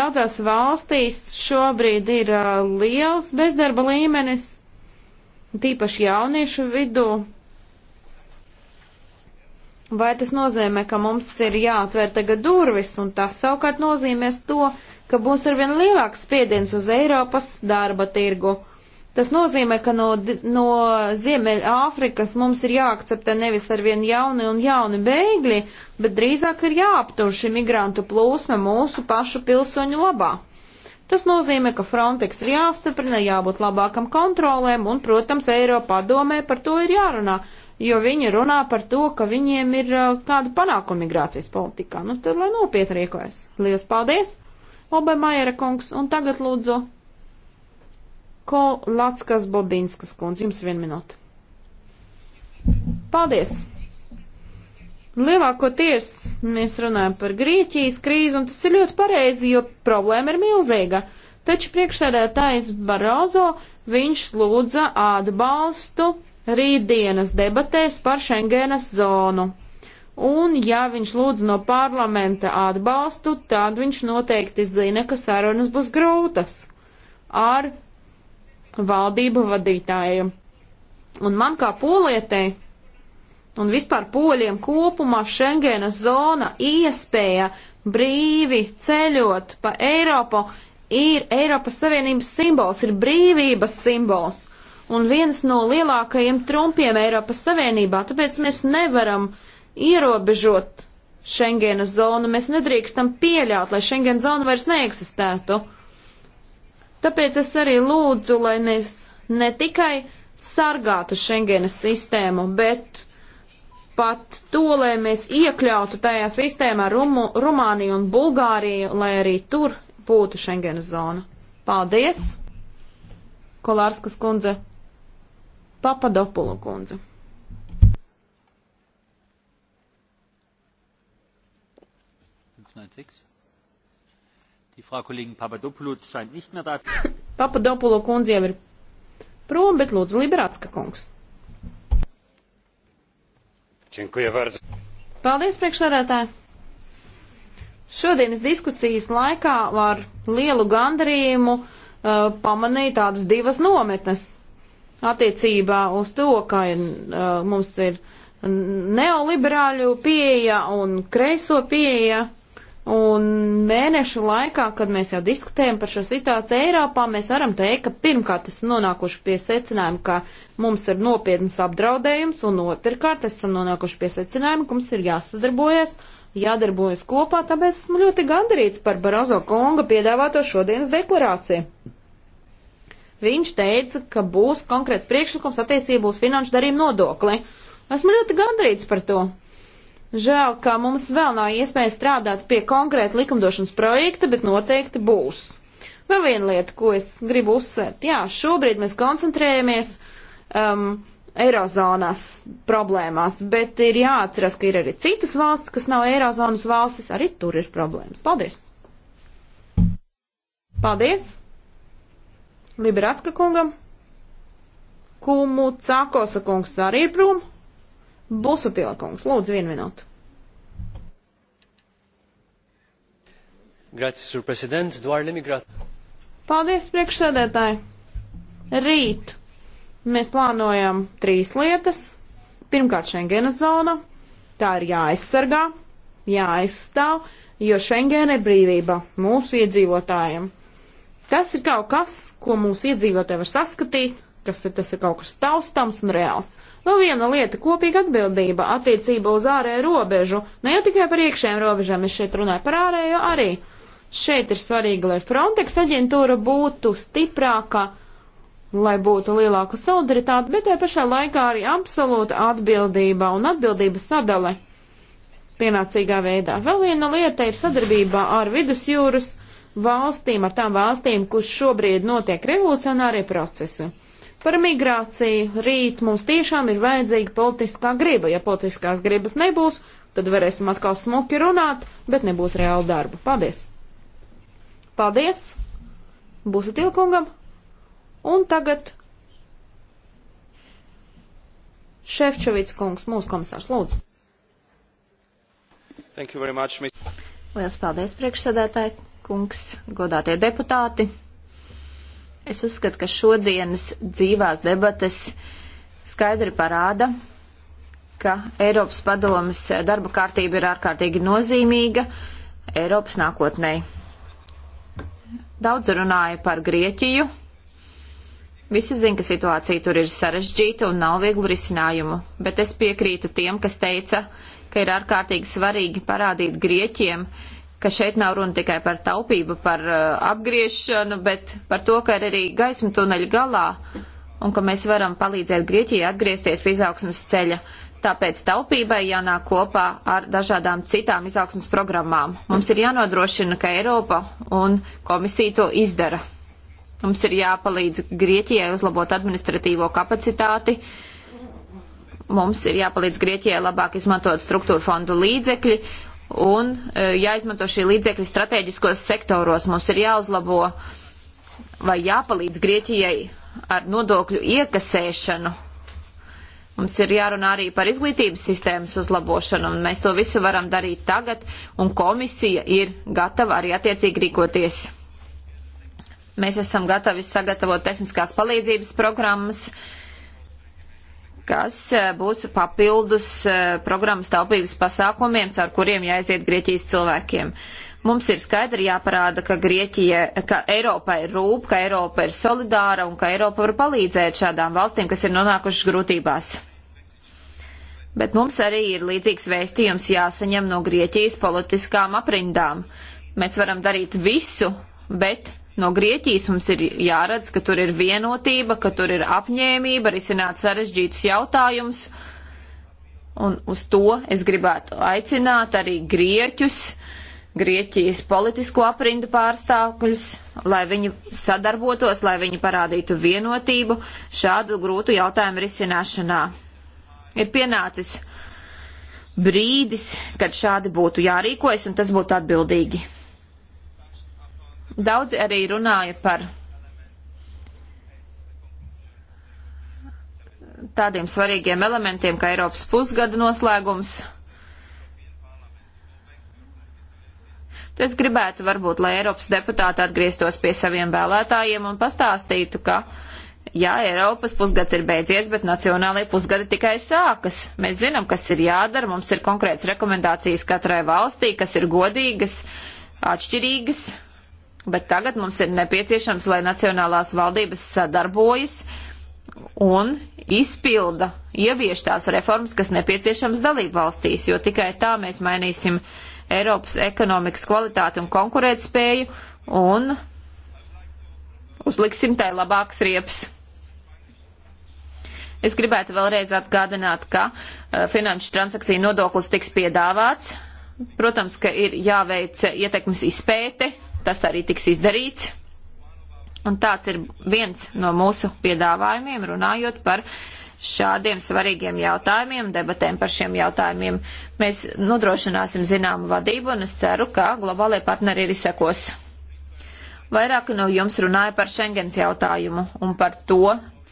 Daudzās valstīs šobrīd ir uh, liels bezdarba līmenis, tīpaši jauniešu vidū. Vai tas nozīmē, ka mums ir jāatver tagad durvis, un tas savukārt nozīmēs to, ka būs arvien lielāks spiediens uz Eiropas darba tirgu. Tas nozīmē, ka no, no Ziemeļa Āfrikas mums ir jāakceptē nevis arvien jauni un jauni bēgļi, bet drīzāk ir jāaptur šī migrantu plūsma mūsu pašu pilsoņu labā. Tas nozīmē, ka Frontex ir jāstiprina, jābūt labākam kontrolēm, un, protams, Eiropā domē par to ir jārunā, jo viņi runā par to, ka viņiem ir uh, kāda panākuma migrācijas politikā. Nu, tad lai nopietni rīkojas. Lielas paldies, Obemaiera kungs, un tagad lūdzu, ko Lackas Bobinskas kundze, jums vien minūte. Paldies! Lielākoties mēs runājam par Grieķijas krīzi, un tas ir ļoti pareizi, jo problēma ir milzīga. Taču priekšsēdētājs Barozo viņš lūdza atbalstu rītdienas debatēs par Schengenas zonu. Un ja viņš lūdz no parlamenta atbalstu, tad viņš noteikti zina, ka sarunas būs grūtas ar valdību vadītājiem. Un man kā polietei un vispār poļiem kopumā Schengena zona iespēja brīvi ceļot pa Eiropu ir Eiropas Savienības simbols, ir brīvības simbols un viens no lielākajiem trumpiem Eiropas Savienībā, tāpēc mēs nevaram ierobežot Schengenas zonu, mēs nedrīkstam pieļaut, lai Schengen zona vairs neeksistētu. Tāpēc es arī lūdzu, lai mēs ne tikai sargātu Schengenas sistēmu, bet pat to, lai mēs iekļautu tajā sistēmā Rumu, Rumāniju un Bulgāriju, lai arī tur būtu Schengenas zona. Paldies, Kolārskas kundze, Papadopulu kundze. Papadopulu kundze jau ir prom, bet lūdzu Liberātska kungs. Paldies, priekšsēdētāji! Šodienas diskusijas laikā var lielu gandarījumu uh, pamanīt tādas divas nometnes attiecībā uz to, ka ir, uh, mums ir neoliberāļu pieeja un kreiso pieeja Un mēnešu laikā, kad mēs jau diskutējam par šo situāciju Eiropā, mēs varam teikt, ka pirmkārt esam nonākuši pie secinājuma, ka mums ir nopietnas apdraudējums, un otrkārt esam nonākuši pie secinājuma, ka mums ir jāsadarbojas, jādarbojas kopā, tāpēc esmu ļoti gandarīts par Barozo kunga piedāvāto šodienas deklarāciju. Viņš teica, ka būs konkrēts priekšlikums attiecībā uz finanšu darījumu nodokli. Esmu ļoti gandarīts par to. Žēl, ka mums vēl nav iespēja strādāt pie konkrēta likumdošanas projekta, bet noteikti būs. Vēl viena lieta, ko es gribu uzsvērt. Jā, šobrīd mēs koncentrējamies um, Eirozonas problēmās, bet ir jāatceras, ka ir arī citas valsts, kas nav Eirozonas valstis, arī tur ir problēmas. Paldies! Paldies! Liberatska kungam! Kumu Cakosa kungs arī ir prom! Busutila kungs, lūdzu, vienu minūtu. Grazie, sur prezidents, duār limigrāt. Paldies, priekšsēdētāji. Rīt mēs plānojam trīs lietas. Pirmkārt, Schengena zona. Tā ir jāaizsargā, jāaizstāv, jo Schengena ir brīvība mūsu iedzīvotājiem. Tas ir kaut kas, ko mūsu iedzīvotāji var saskatīt, kas ir, tas ir kaut kas taustāms un reāls. Vēl nu, viena lieta - kopīga atbildība attiecībā uz ārēju robežu. Ne nu, jau tikai par iekšējām robežām, es šeit runāju par ārējo arī. Šeit ir svarīgi, lai Frontex aģentūra būtu stiprāka, lai būtu lielāka solidaritāte, bet tajā pašā laikā arī absolūta atbildība un atbildības sadale pienācīgā veidā. Vēl viena lieta ir sadarbībā ar vidusjūras valstīm, ar tām valstīm, kur šobrīd notiek revolucionārie procesi. Par migrāciju rīt mums tiešām ir vajadzīga politiskā griba. Ja politiskās gribas nebūs, tad varēsim atkal smuki runāt, bet nebūs reāla darba. Paldies! Paldies! Būsit ilgungam! Un tagad Šefčovics kungs, mūsu komisārs, lūdzu. Much, Lielas paldies, priekšsēdētāji, kungs, godātie deputāti! Es uzskatu, ka šodienas dzīvās debates skaidri parāda, ka Eiropas padomas darba kārtība ir ārkārtīgi nozīmīga Eiropas nākotnē. Daudz runāja par Grieķiju. Visi zina, ka situācija tur ir sarežģīta un nav vieglu risinājumu, bet es piekrītu tiem, kas teica, ka ir ārkārtīgi svarīgi parādīt Grieķiem, uh, ka šeit nav runa tikai par taupību, par uh, apgriešanu, bet par to, ka ir arī gaisma tuneļa galā un ka mēs varam palīdzēt Grieķijai atgriezties pie izaugsmas ceļa. Tāpēc taupībai jānāk kopā ar dažādām citām izaugsmas programmām. Mums ir jānodrošina, ka Eiropa un komisija to izdara. Mums ir jāpalīdz Grieķijai uzlabot administratīvo kapacitāti, mums ir jāpalīdz Grieķijai labāk izmantot struktūra fondu līdzekļi un e, jāizmanto šie līdzekļi strateģiskos sektoros. Mums ir jāuzlabo vai jāpalīdz Grieķijai ar nodokļu iekasēšanu. Mums ir jārunā arī par izglītības sistēmas uzlabošanu, un mēs to visu varam darīt tagad, un komisija ir gatava arī attiecīgi rīkoties. Mēs esam gatavi sagatavot tehniskās palīdzības programmas, uh, kas e, būs papildus e, programmas taupības pasākumiem, caur kuriem jāiziet Grieķijas cilvēkiem. Mums ir skaidri jāparāda, ka Grieķija, ka Eiropa ir rūp, ka Eiropa ir solidāra un ka Eiropa var palīdzēt šādām valstīm, kas ir nonākušas grūtībās. Bet mums arī ir līdzīgs vēstījums jāsaņem no Grieķijas politiskām aprindām. Mēs varam darīt visu, bet no Grieķijas mums ir jāredz, ka tur ir vienotība, ka tur ir apņēmība risināt sarežģītus jautājumus. Un uz to es gribētu aicināt arī grieķus, Grieķijas politisko aprindu pārstāvkļus, lai viņi sadarbotos, lai viņi parādītu vienotību šādu grūtu jautājumu risināšanā. Ir pienācis brīdis, kad šādi būtu jārīkojas, un tas būtu atbildīgi. Daudzi arī runāja par tādiem svarīgiem elementiem kā Eiropas pusgada noslēgums. Es gribētu varbūt, lai Eiropas deputāti atgrieztos pie saviem vēlētājiem un pastāstītu, ka jā, Eiropas pusgads ir beidzies, bet nacionālajie pusgadi tikai sākas. Mēs zinām, kas ir jādara, mums ir konkrēts rekomendācijas katrai valstī, kas ir godīgas, atšķirīgas, Bet tagad mums ir nepieciešams, lai nacionālās valdības sadarbojas un izpilda, ievieš tās reformas, kas nepieciešams dalību valstīs, jo tikai tā mēs mainīsim Eiropas ekonomikas kvalitāti un konkurētspēju un uzliksim tai labākas riepas. Es gribētu vēlreiz atgādināt, ka uh, finanšu transakciju nodoklis tiks piedāvāts. Protams, ka ir jāveic ietekmes izpēte Tas arī tiks izdarīts. Un tāds ir viens no mūsu piedāvājumiem, runājot par šādiem svarīgiem jautājumiem, debatēm par šiem jautājumiem. Mēs nodrošināsim zināmu vadību, un es ceru, ka globālai partneri arī sekos. Vairāki no jums runāja par Schengens jautājumu un par to,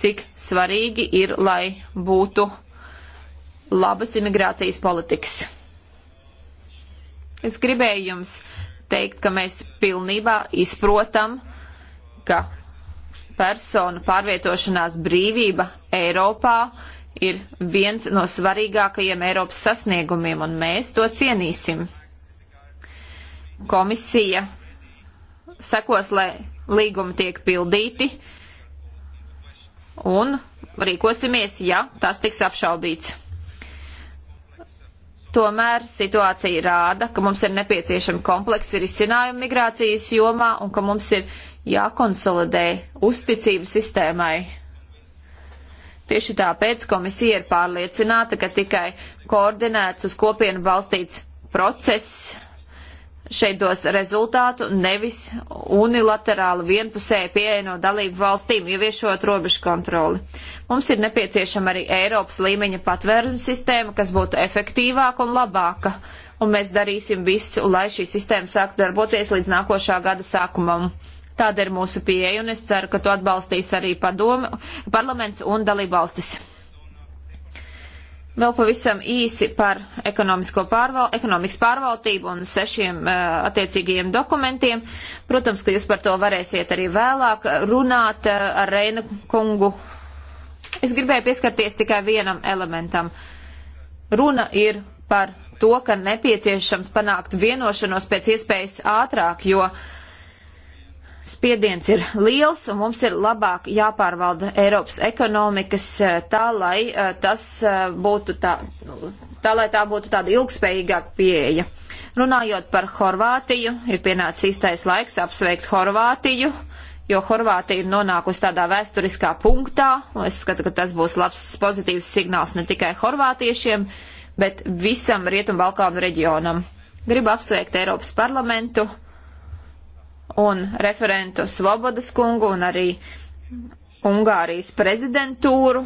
cik svarīgi ir, lai būtu labas imigrācijas politikas. Es gribēju jums teikt, ka mēs pilnībā izprotam, ka personu pārvietošanās brīvība Eiropā ir viens no svarīgākajiem Eiropas sasniegumiem, un mēs to cienīsim. Komisija sekos, lai līgumi tiek pildīti, un rīkosimies, ja tas tiks apšaubīts. Tomēr situācija rāda, ka mums ir nepieciešami kompleksi risinājumi migrācijas jomā un ka mums ir jākonsolidē uzticība sistēmai. Tieši tāpēc komisija ir pārliecināta, ka tikai koordinēts uz kopienu balstīts process šeit dos rezultātu, nevis unilaterāli vienpusēji pieeja no dalību valstīm, ieviešot robežu kontroli. Mums ir nepieciešama arī Eiropas līmeņa patvērums sistēma, kas būtu efektīvāka un labāka. Un mēs darīsim visu, lai šī sistēma sāktu darboties līdz nākošā gada sākumam. Tāda ir mūsu pieeja, un es ceru, ka to atbalstīs arī padomi, parlaments un dalībvalstis. Vēl pavisam īsi par pārval, ekonomikas pārvaldību un sešiem uh, attiecīgajiem dokumentiem. Protams, ka jūs par to varēsiet arī vēlāk runāt uh, ar Reina kungu Es gribēju pieskarties tikai vienam elementam. Runa ir par to, ka nepieciešams panākt vienošanos pēc iespējas ātrāk, jo spiediens ir liels un mums ir labāk jāpārvalda Eiropas ekonomikas eh, tā, lai eh, tas eh, būtu tā, nu, tā lai tā būtu tāda ilgspējīgāka pieeja. Runājot par Horvātiju, ir pienācis īstais laiks apsveikt Horvātiju jo Horvātija ir nonākusi tādā vēsturiskā punktā, un es skatu, ka tas būs labs pozitīvs signāls ne tikai horvātiešiem, bet visam Rietumbalkānu reģionam. Gribu apsveikt Eiropas parlamentu un referentu Svobodas kungu un arī Ungārijas prezidentūru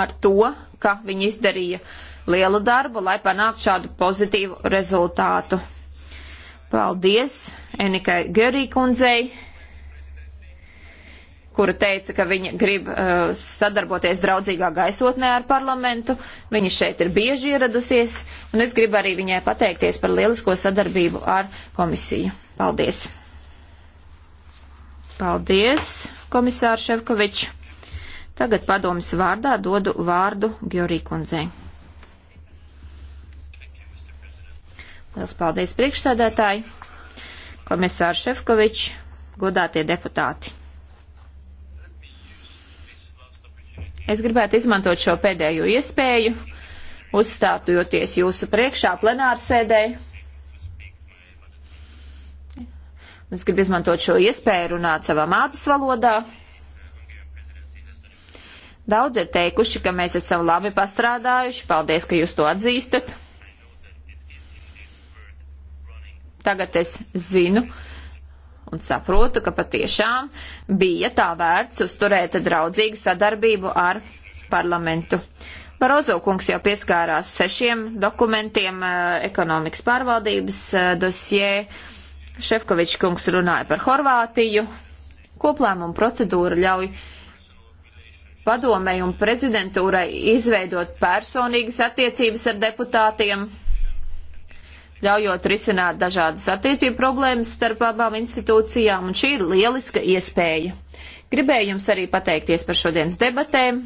ar to, ka viņi izdarīja lielu darbu, lai panāktu šādu pozitīvu rezultātu. Paldies Enikai Gerī kundzei, kura teica, ka viņa grib uh, sadarboties draudzīgā gaisotnē ar parlamentu. Viņa šeit ir bieži ieradusies, un es gribu arī viņai pateikties par lielisko sadarbību ar komisiju. Paldies! Paldies, komisārs Ševkovičs! Tagad padomas vārdā dodu vārdu Georgi Kundzei. Liels paldies priekšsēdētāji, komisārs Šefkovičs, godātie deputāti. Es gribētu izmantot šo pēdējo iespēju, uzstājoties jūsu priekšā plenārsēdē. Es gribu izmantot šo iespēju runāt savā mātes valodā. Daudz ir teikuši, ka mēs esam labi pastrādājuši. Paldies, ka jūs to atzīstat. Tagad es zinu un saprotu, ka patiešām bija tā vērts uzturēt draudzīgu sadarbību ar parlamentu. Barozo kungs jau pieskārās sešiem dokumentiem eh, ekonomikas pārvaldības eh, dosjē. Šefkovičs kungs runāja par Horvātiju. Koplēmuma procedūra ļauj padomēju un prezidentūrai izveidot personīgas attiecības ar deputātiem ļaujot risināt dažādas attiecību problēmas starp abām institūcijām, un šī ir lieliska iespēja. Gribēju jums arī pateikties par šodienas debatēm,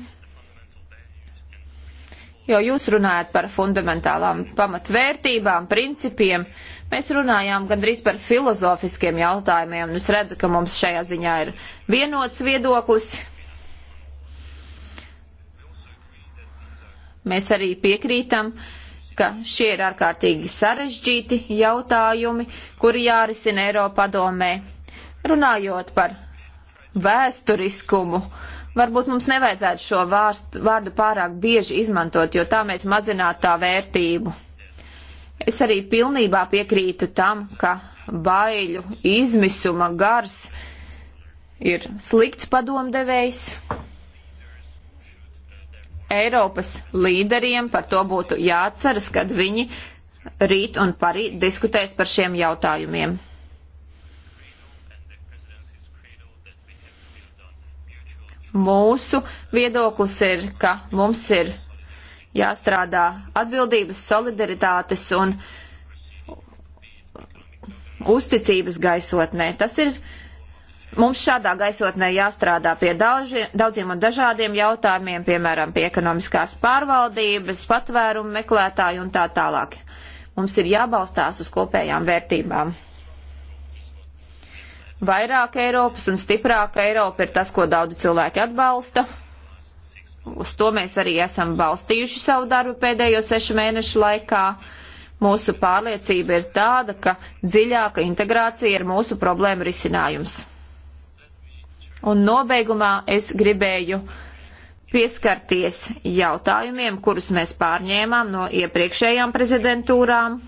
jo jūs runājat par fundamentālām pamatvērtībām, principiem. Mēs runājām gandrīz par filozofiskiem jautājumiem, un es redzu, ka mums šajā ziņā ir vienots viedoklis. Mēs arī piekrītam, uh, ka šie ir ārkārtīgi sarežģīti jautājumi, kuri jārisina Eiropadomē. Runājot par vēsturiskumu, varbūt mums nevajadzētu šo vārstu, vārdu pārāk bieži izmantot, jo tā mēs mazinātu tā vērtību. Es arī pilnībā piekrītu tam, ka baiļu izmisuma gars ir slikts padomdevējs, Eiropas līderiem par to būtu jāatceras, kad viņi rīt un parīt diskutēs par šiem jautājumiem. Mūsu viedoklis ir, ka mums ir jāstrādā atbildības, solidaritātes un uzticības gaisotnē. Tas ir Mums šādā gaisotnē jāstrādā pie daudzi, daudziem un dažādiem jautājumiem, piemēram, pie ekonomiskās pārvaldības, patvērumu meklētāju un tā tālāk. Mums ir jābalstās uz kopējām vērtībām. Vairāk Eiropas un stiprāka Eiropa ir tas, ko daudzi cilvēki atbalsta. Uz to mēs arī esam balstījuši savu darbu pēdējo sešu mēnešu laikā. Mūsu pārliecība ir tāda, ka dziļāka integrācija ir mūsu problēma risinājums. Un nobeigumā es gribēju pieskarties jautājumiem, kurus mēs pārņēmām no iepriekšējām prezidentūrām.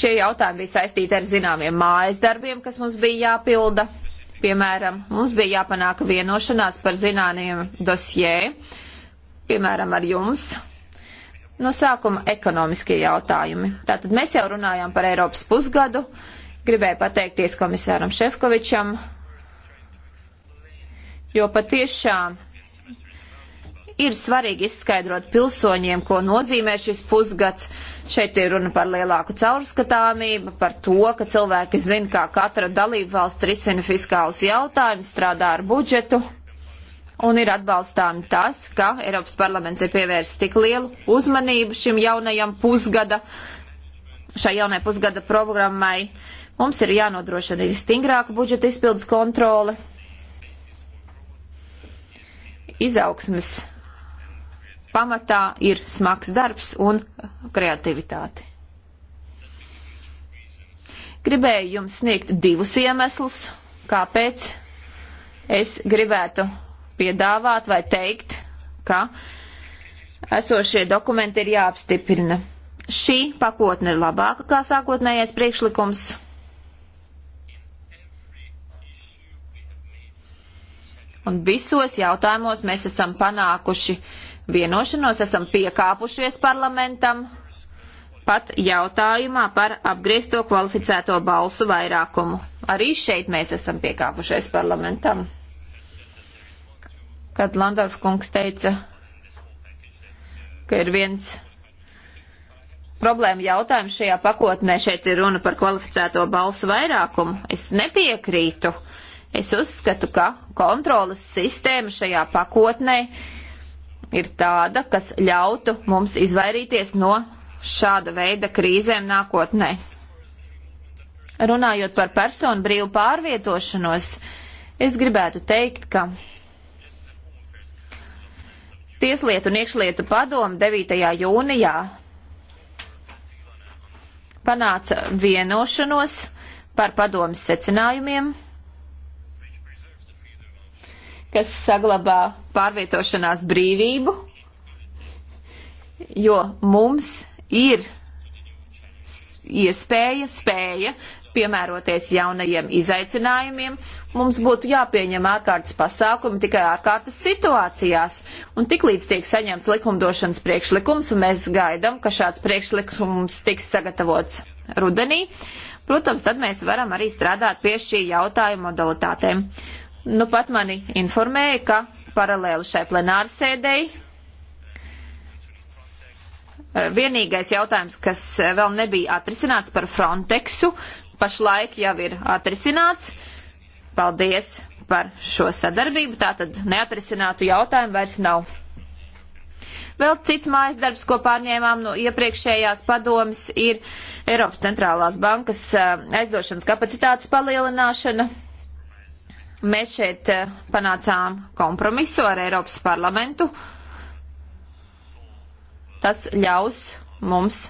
Šie jautājumi bija saistīti ar zināmiem mājas darbiem, kas mums bija jāpilda. Piemēram, mums bija jāpanāk vienošanās par zināmiem dosjē, piemēram, ar jums. No sākuma ekonomiskie jautājumi. Tātad mēs jau runājām par Eiropas pusgadu. Uh, Gribēju pateikties komisāram Šefkovičam, jo patiešām ir svarīgi izskaidrot pilsoņiem, ko nozīmē šis pusgads. Šeit ir runa par lielāku caurskatāmību, par to, ka cilvēki zina, kā katra dalība valsts risina fiskālus jautājumus, strādā ar budžetu. Un ir atbalstām tas, ka Eiropas parlaments ir pievērsis tik lielu uzmanību šim jaunajam pusgada šai jaunai pusgada programmai. Mums ir jānodrošina arī stingrāka budžeta izpildes kontrole, izaugsmes pamatā ir smags darbs un kreativitāte. Gribēju jums sniegt divus iemeslus, kāpēc es gribētu piedāvāt vai teikt, ka esošie dokumenti ir jāapstiprina. Šī pakotne ir labāka kā sākotnējais priekšlikums. Un visos jautājumos mēs esam panākuši vienošanos, esam piekāpušies parlamentam, pat jautājumā par apgriezto kvalificēto balsu vairākumu. Arī šeit mēs esam piekāpušies parlamentam. Kad Landorf kungs teica, ka ir viens problēma jautājums šajā pakotnē. Šeit ir runa par kvalificēto balsu vairākumu. Es nepiekrītu. Es uzskatu, ka kontrolas sistēma šajā pakotnē ir tāda, kas ļautu mums izvairīties no šāda veida krīzēm nākotnē. Runājot par personu brīvu pārvietošanos, es gribētu teikt, ka Tieslietu un iekšlietu padomu 9. jūnijā panāca vienošanos par padomas secinājumiem, kas saglabā pārvietošanās brīvību, jo mums ir iespēja, spēja piemēroties jaunajiem izaicinājumiem, mums būtu jāpieņem ārkārtas pasākumi tikai ārkārtas situācijās. Un tiklīdz tiek saņemts likumdošanas priekšlikums, un mēs gaidām, ka šāds priekšlikums tiks sagatavots rudenī, protams, tad mēs varam arī strādāt pie šī jautājuma modalitātēm. Nu, pat mani informēja, ka paralēli šai plenārsēdēji eh, Vienīgais jautājums, kas eh, vēl nebija atrisināts par Frontexu, pašlaik jau ir atrisināts. Paldies par šo sadarbību. Tātad neatrisinātu jautājumu vairs nav. Vēl cits mājas darbs, ko pārņēmām no iepriekšējās padomas, ir Eiropas centrālās bankas eh, aizdošanas kapacitātes palielināšana. Mēs šeit eh, panācām kompromisu ar Eiropas parlamentu. Tas ļaus mums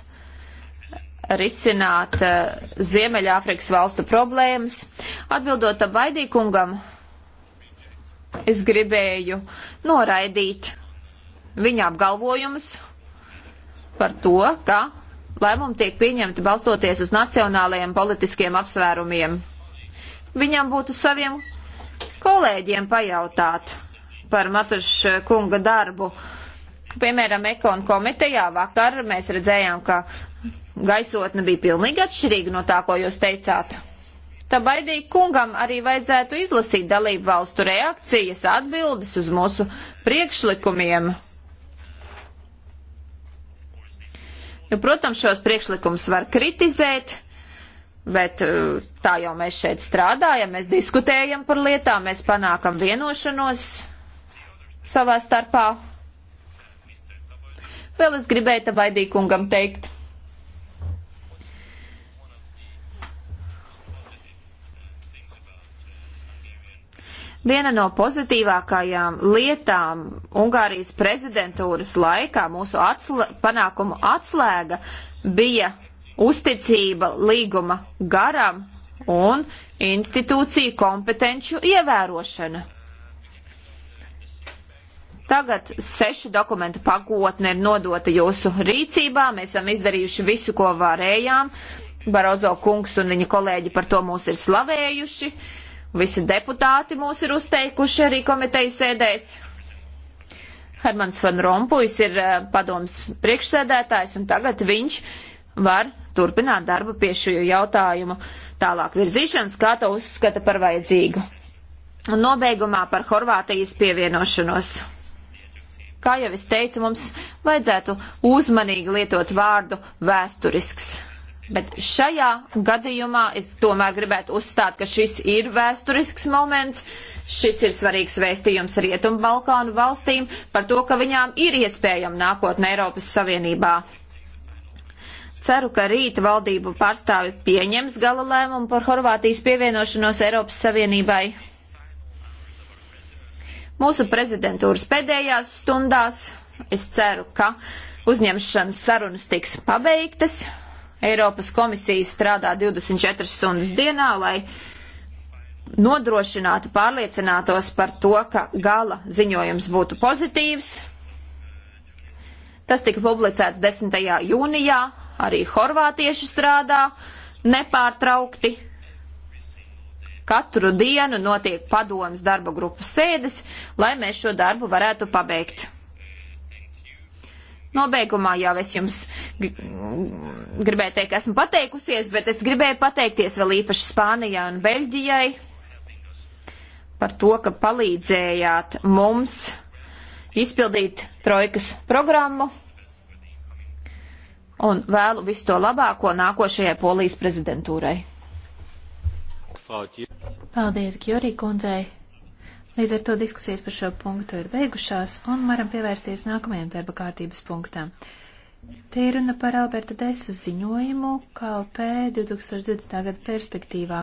risināt eh, Ziemeļāfrikas valstu problēmas. Atbildot Abaidīkungam, es gribēju noraidīt viņa apgalvojumus par to, ka lēmumi tiek pieņemti balstoties uz nacionālajiem politiskiem apsvērumiem. Viņam būtu saviem kolēģiem pajautāt par Matuša kunga darbu. Piemēram, Ekonu komitejā vakar mēs redzējām, ka gaisotne bija pilnīgi atšķirīga no tā, ko jūs teicāt. Tā baidīgi kungam arī vajadzētu izlasīt dalību valstu reakcijas atbildes uz mūsu priekšlikumiem. Jo, nu, protams, šos priekšlikumus var kritizēt, bet eh, tā jau mēs šeit strādājam, mēs diskutējam par lietām, mēs panākam vienošanos savā starpā. Vēl es gribēju Tabaidīkungam teikt Viena no pozitīvākajām lietām Ungārijas prezidentūras laikā mūsu atslē, panākumu atslēga bija uzticība līguma garam un institūciju kompetenču ievērošana. Tagad sešu dokumentu pakotne ir nodota jūsu rīcībā. Mēs esam izdarījuši visu, ko varējām. Barozo kungs un viņa kolēģi par to mūs ir slavējuši. Uh, Visi deputāti mūs ir uzteikuši arī komiteju sēdēs. Hermans Van Rompuis ir eh, padoms priekšsēdētājs, un tagad viņš var turpināt darbu pie šo jautājumu tālāk virzīšanas, kā to uzskata par vajadzīgu. Un nobeigumā par Horvātijas pievienošanos. Kā jau es teicu, mums vajadzētu uzmanīgi lietot vārdu vēsturisks Bet šajā gadījumā es tomēr gribētu uzstāt, ka šis ir vēsturisks moments, šis ir svarīgs vēstījums Rietumu Balkānu valstīm par to, ka viņām ir iespējama nākotne Eiropas Savienībā. Ceru, ka rīt valdību pārstāvi pieņems gala lēmumu par Horvātijas pievienošanos Eiropas Savienībai. Mūsu prezidentūras pēdējās stundās es ceru, ka uzņemšanas sarunas tiks pabeigtas, Eiropas komisija strādā 24 stundas dienā, lai nodrošinātu, pārliecinātos par to, ka gala ziņojums būtu pozitīvs. Tas tika publicēts 10. jūnijā, arī horvātieši strādā nepārtraukti. Katru dienu notiek padomas darba grupu sēdes, lai mēs šo darbu varētu pabeigt. Nobeigumā jau es jums gribēju teikt, ka esmu pateikusies, bet es gribēju pateikties vēl īpaši Spānijai un Beļģijai par to, ka palīdzējāt mums izpildīt trojkas programmu un vēlu visu to labāko nākošajai polijas prezidentūrai. Paldies, Gjorī kundzei! Līdz ar to diskusijas par šo punktu ir beigušās, un varam pievērsties nākamajam darba kārtības punktam. Te ir runa par Alberta Desas ziņojumu KLP 2020. gada perspektīvā.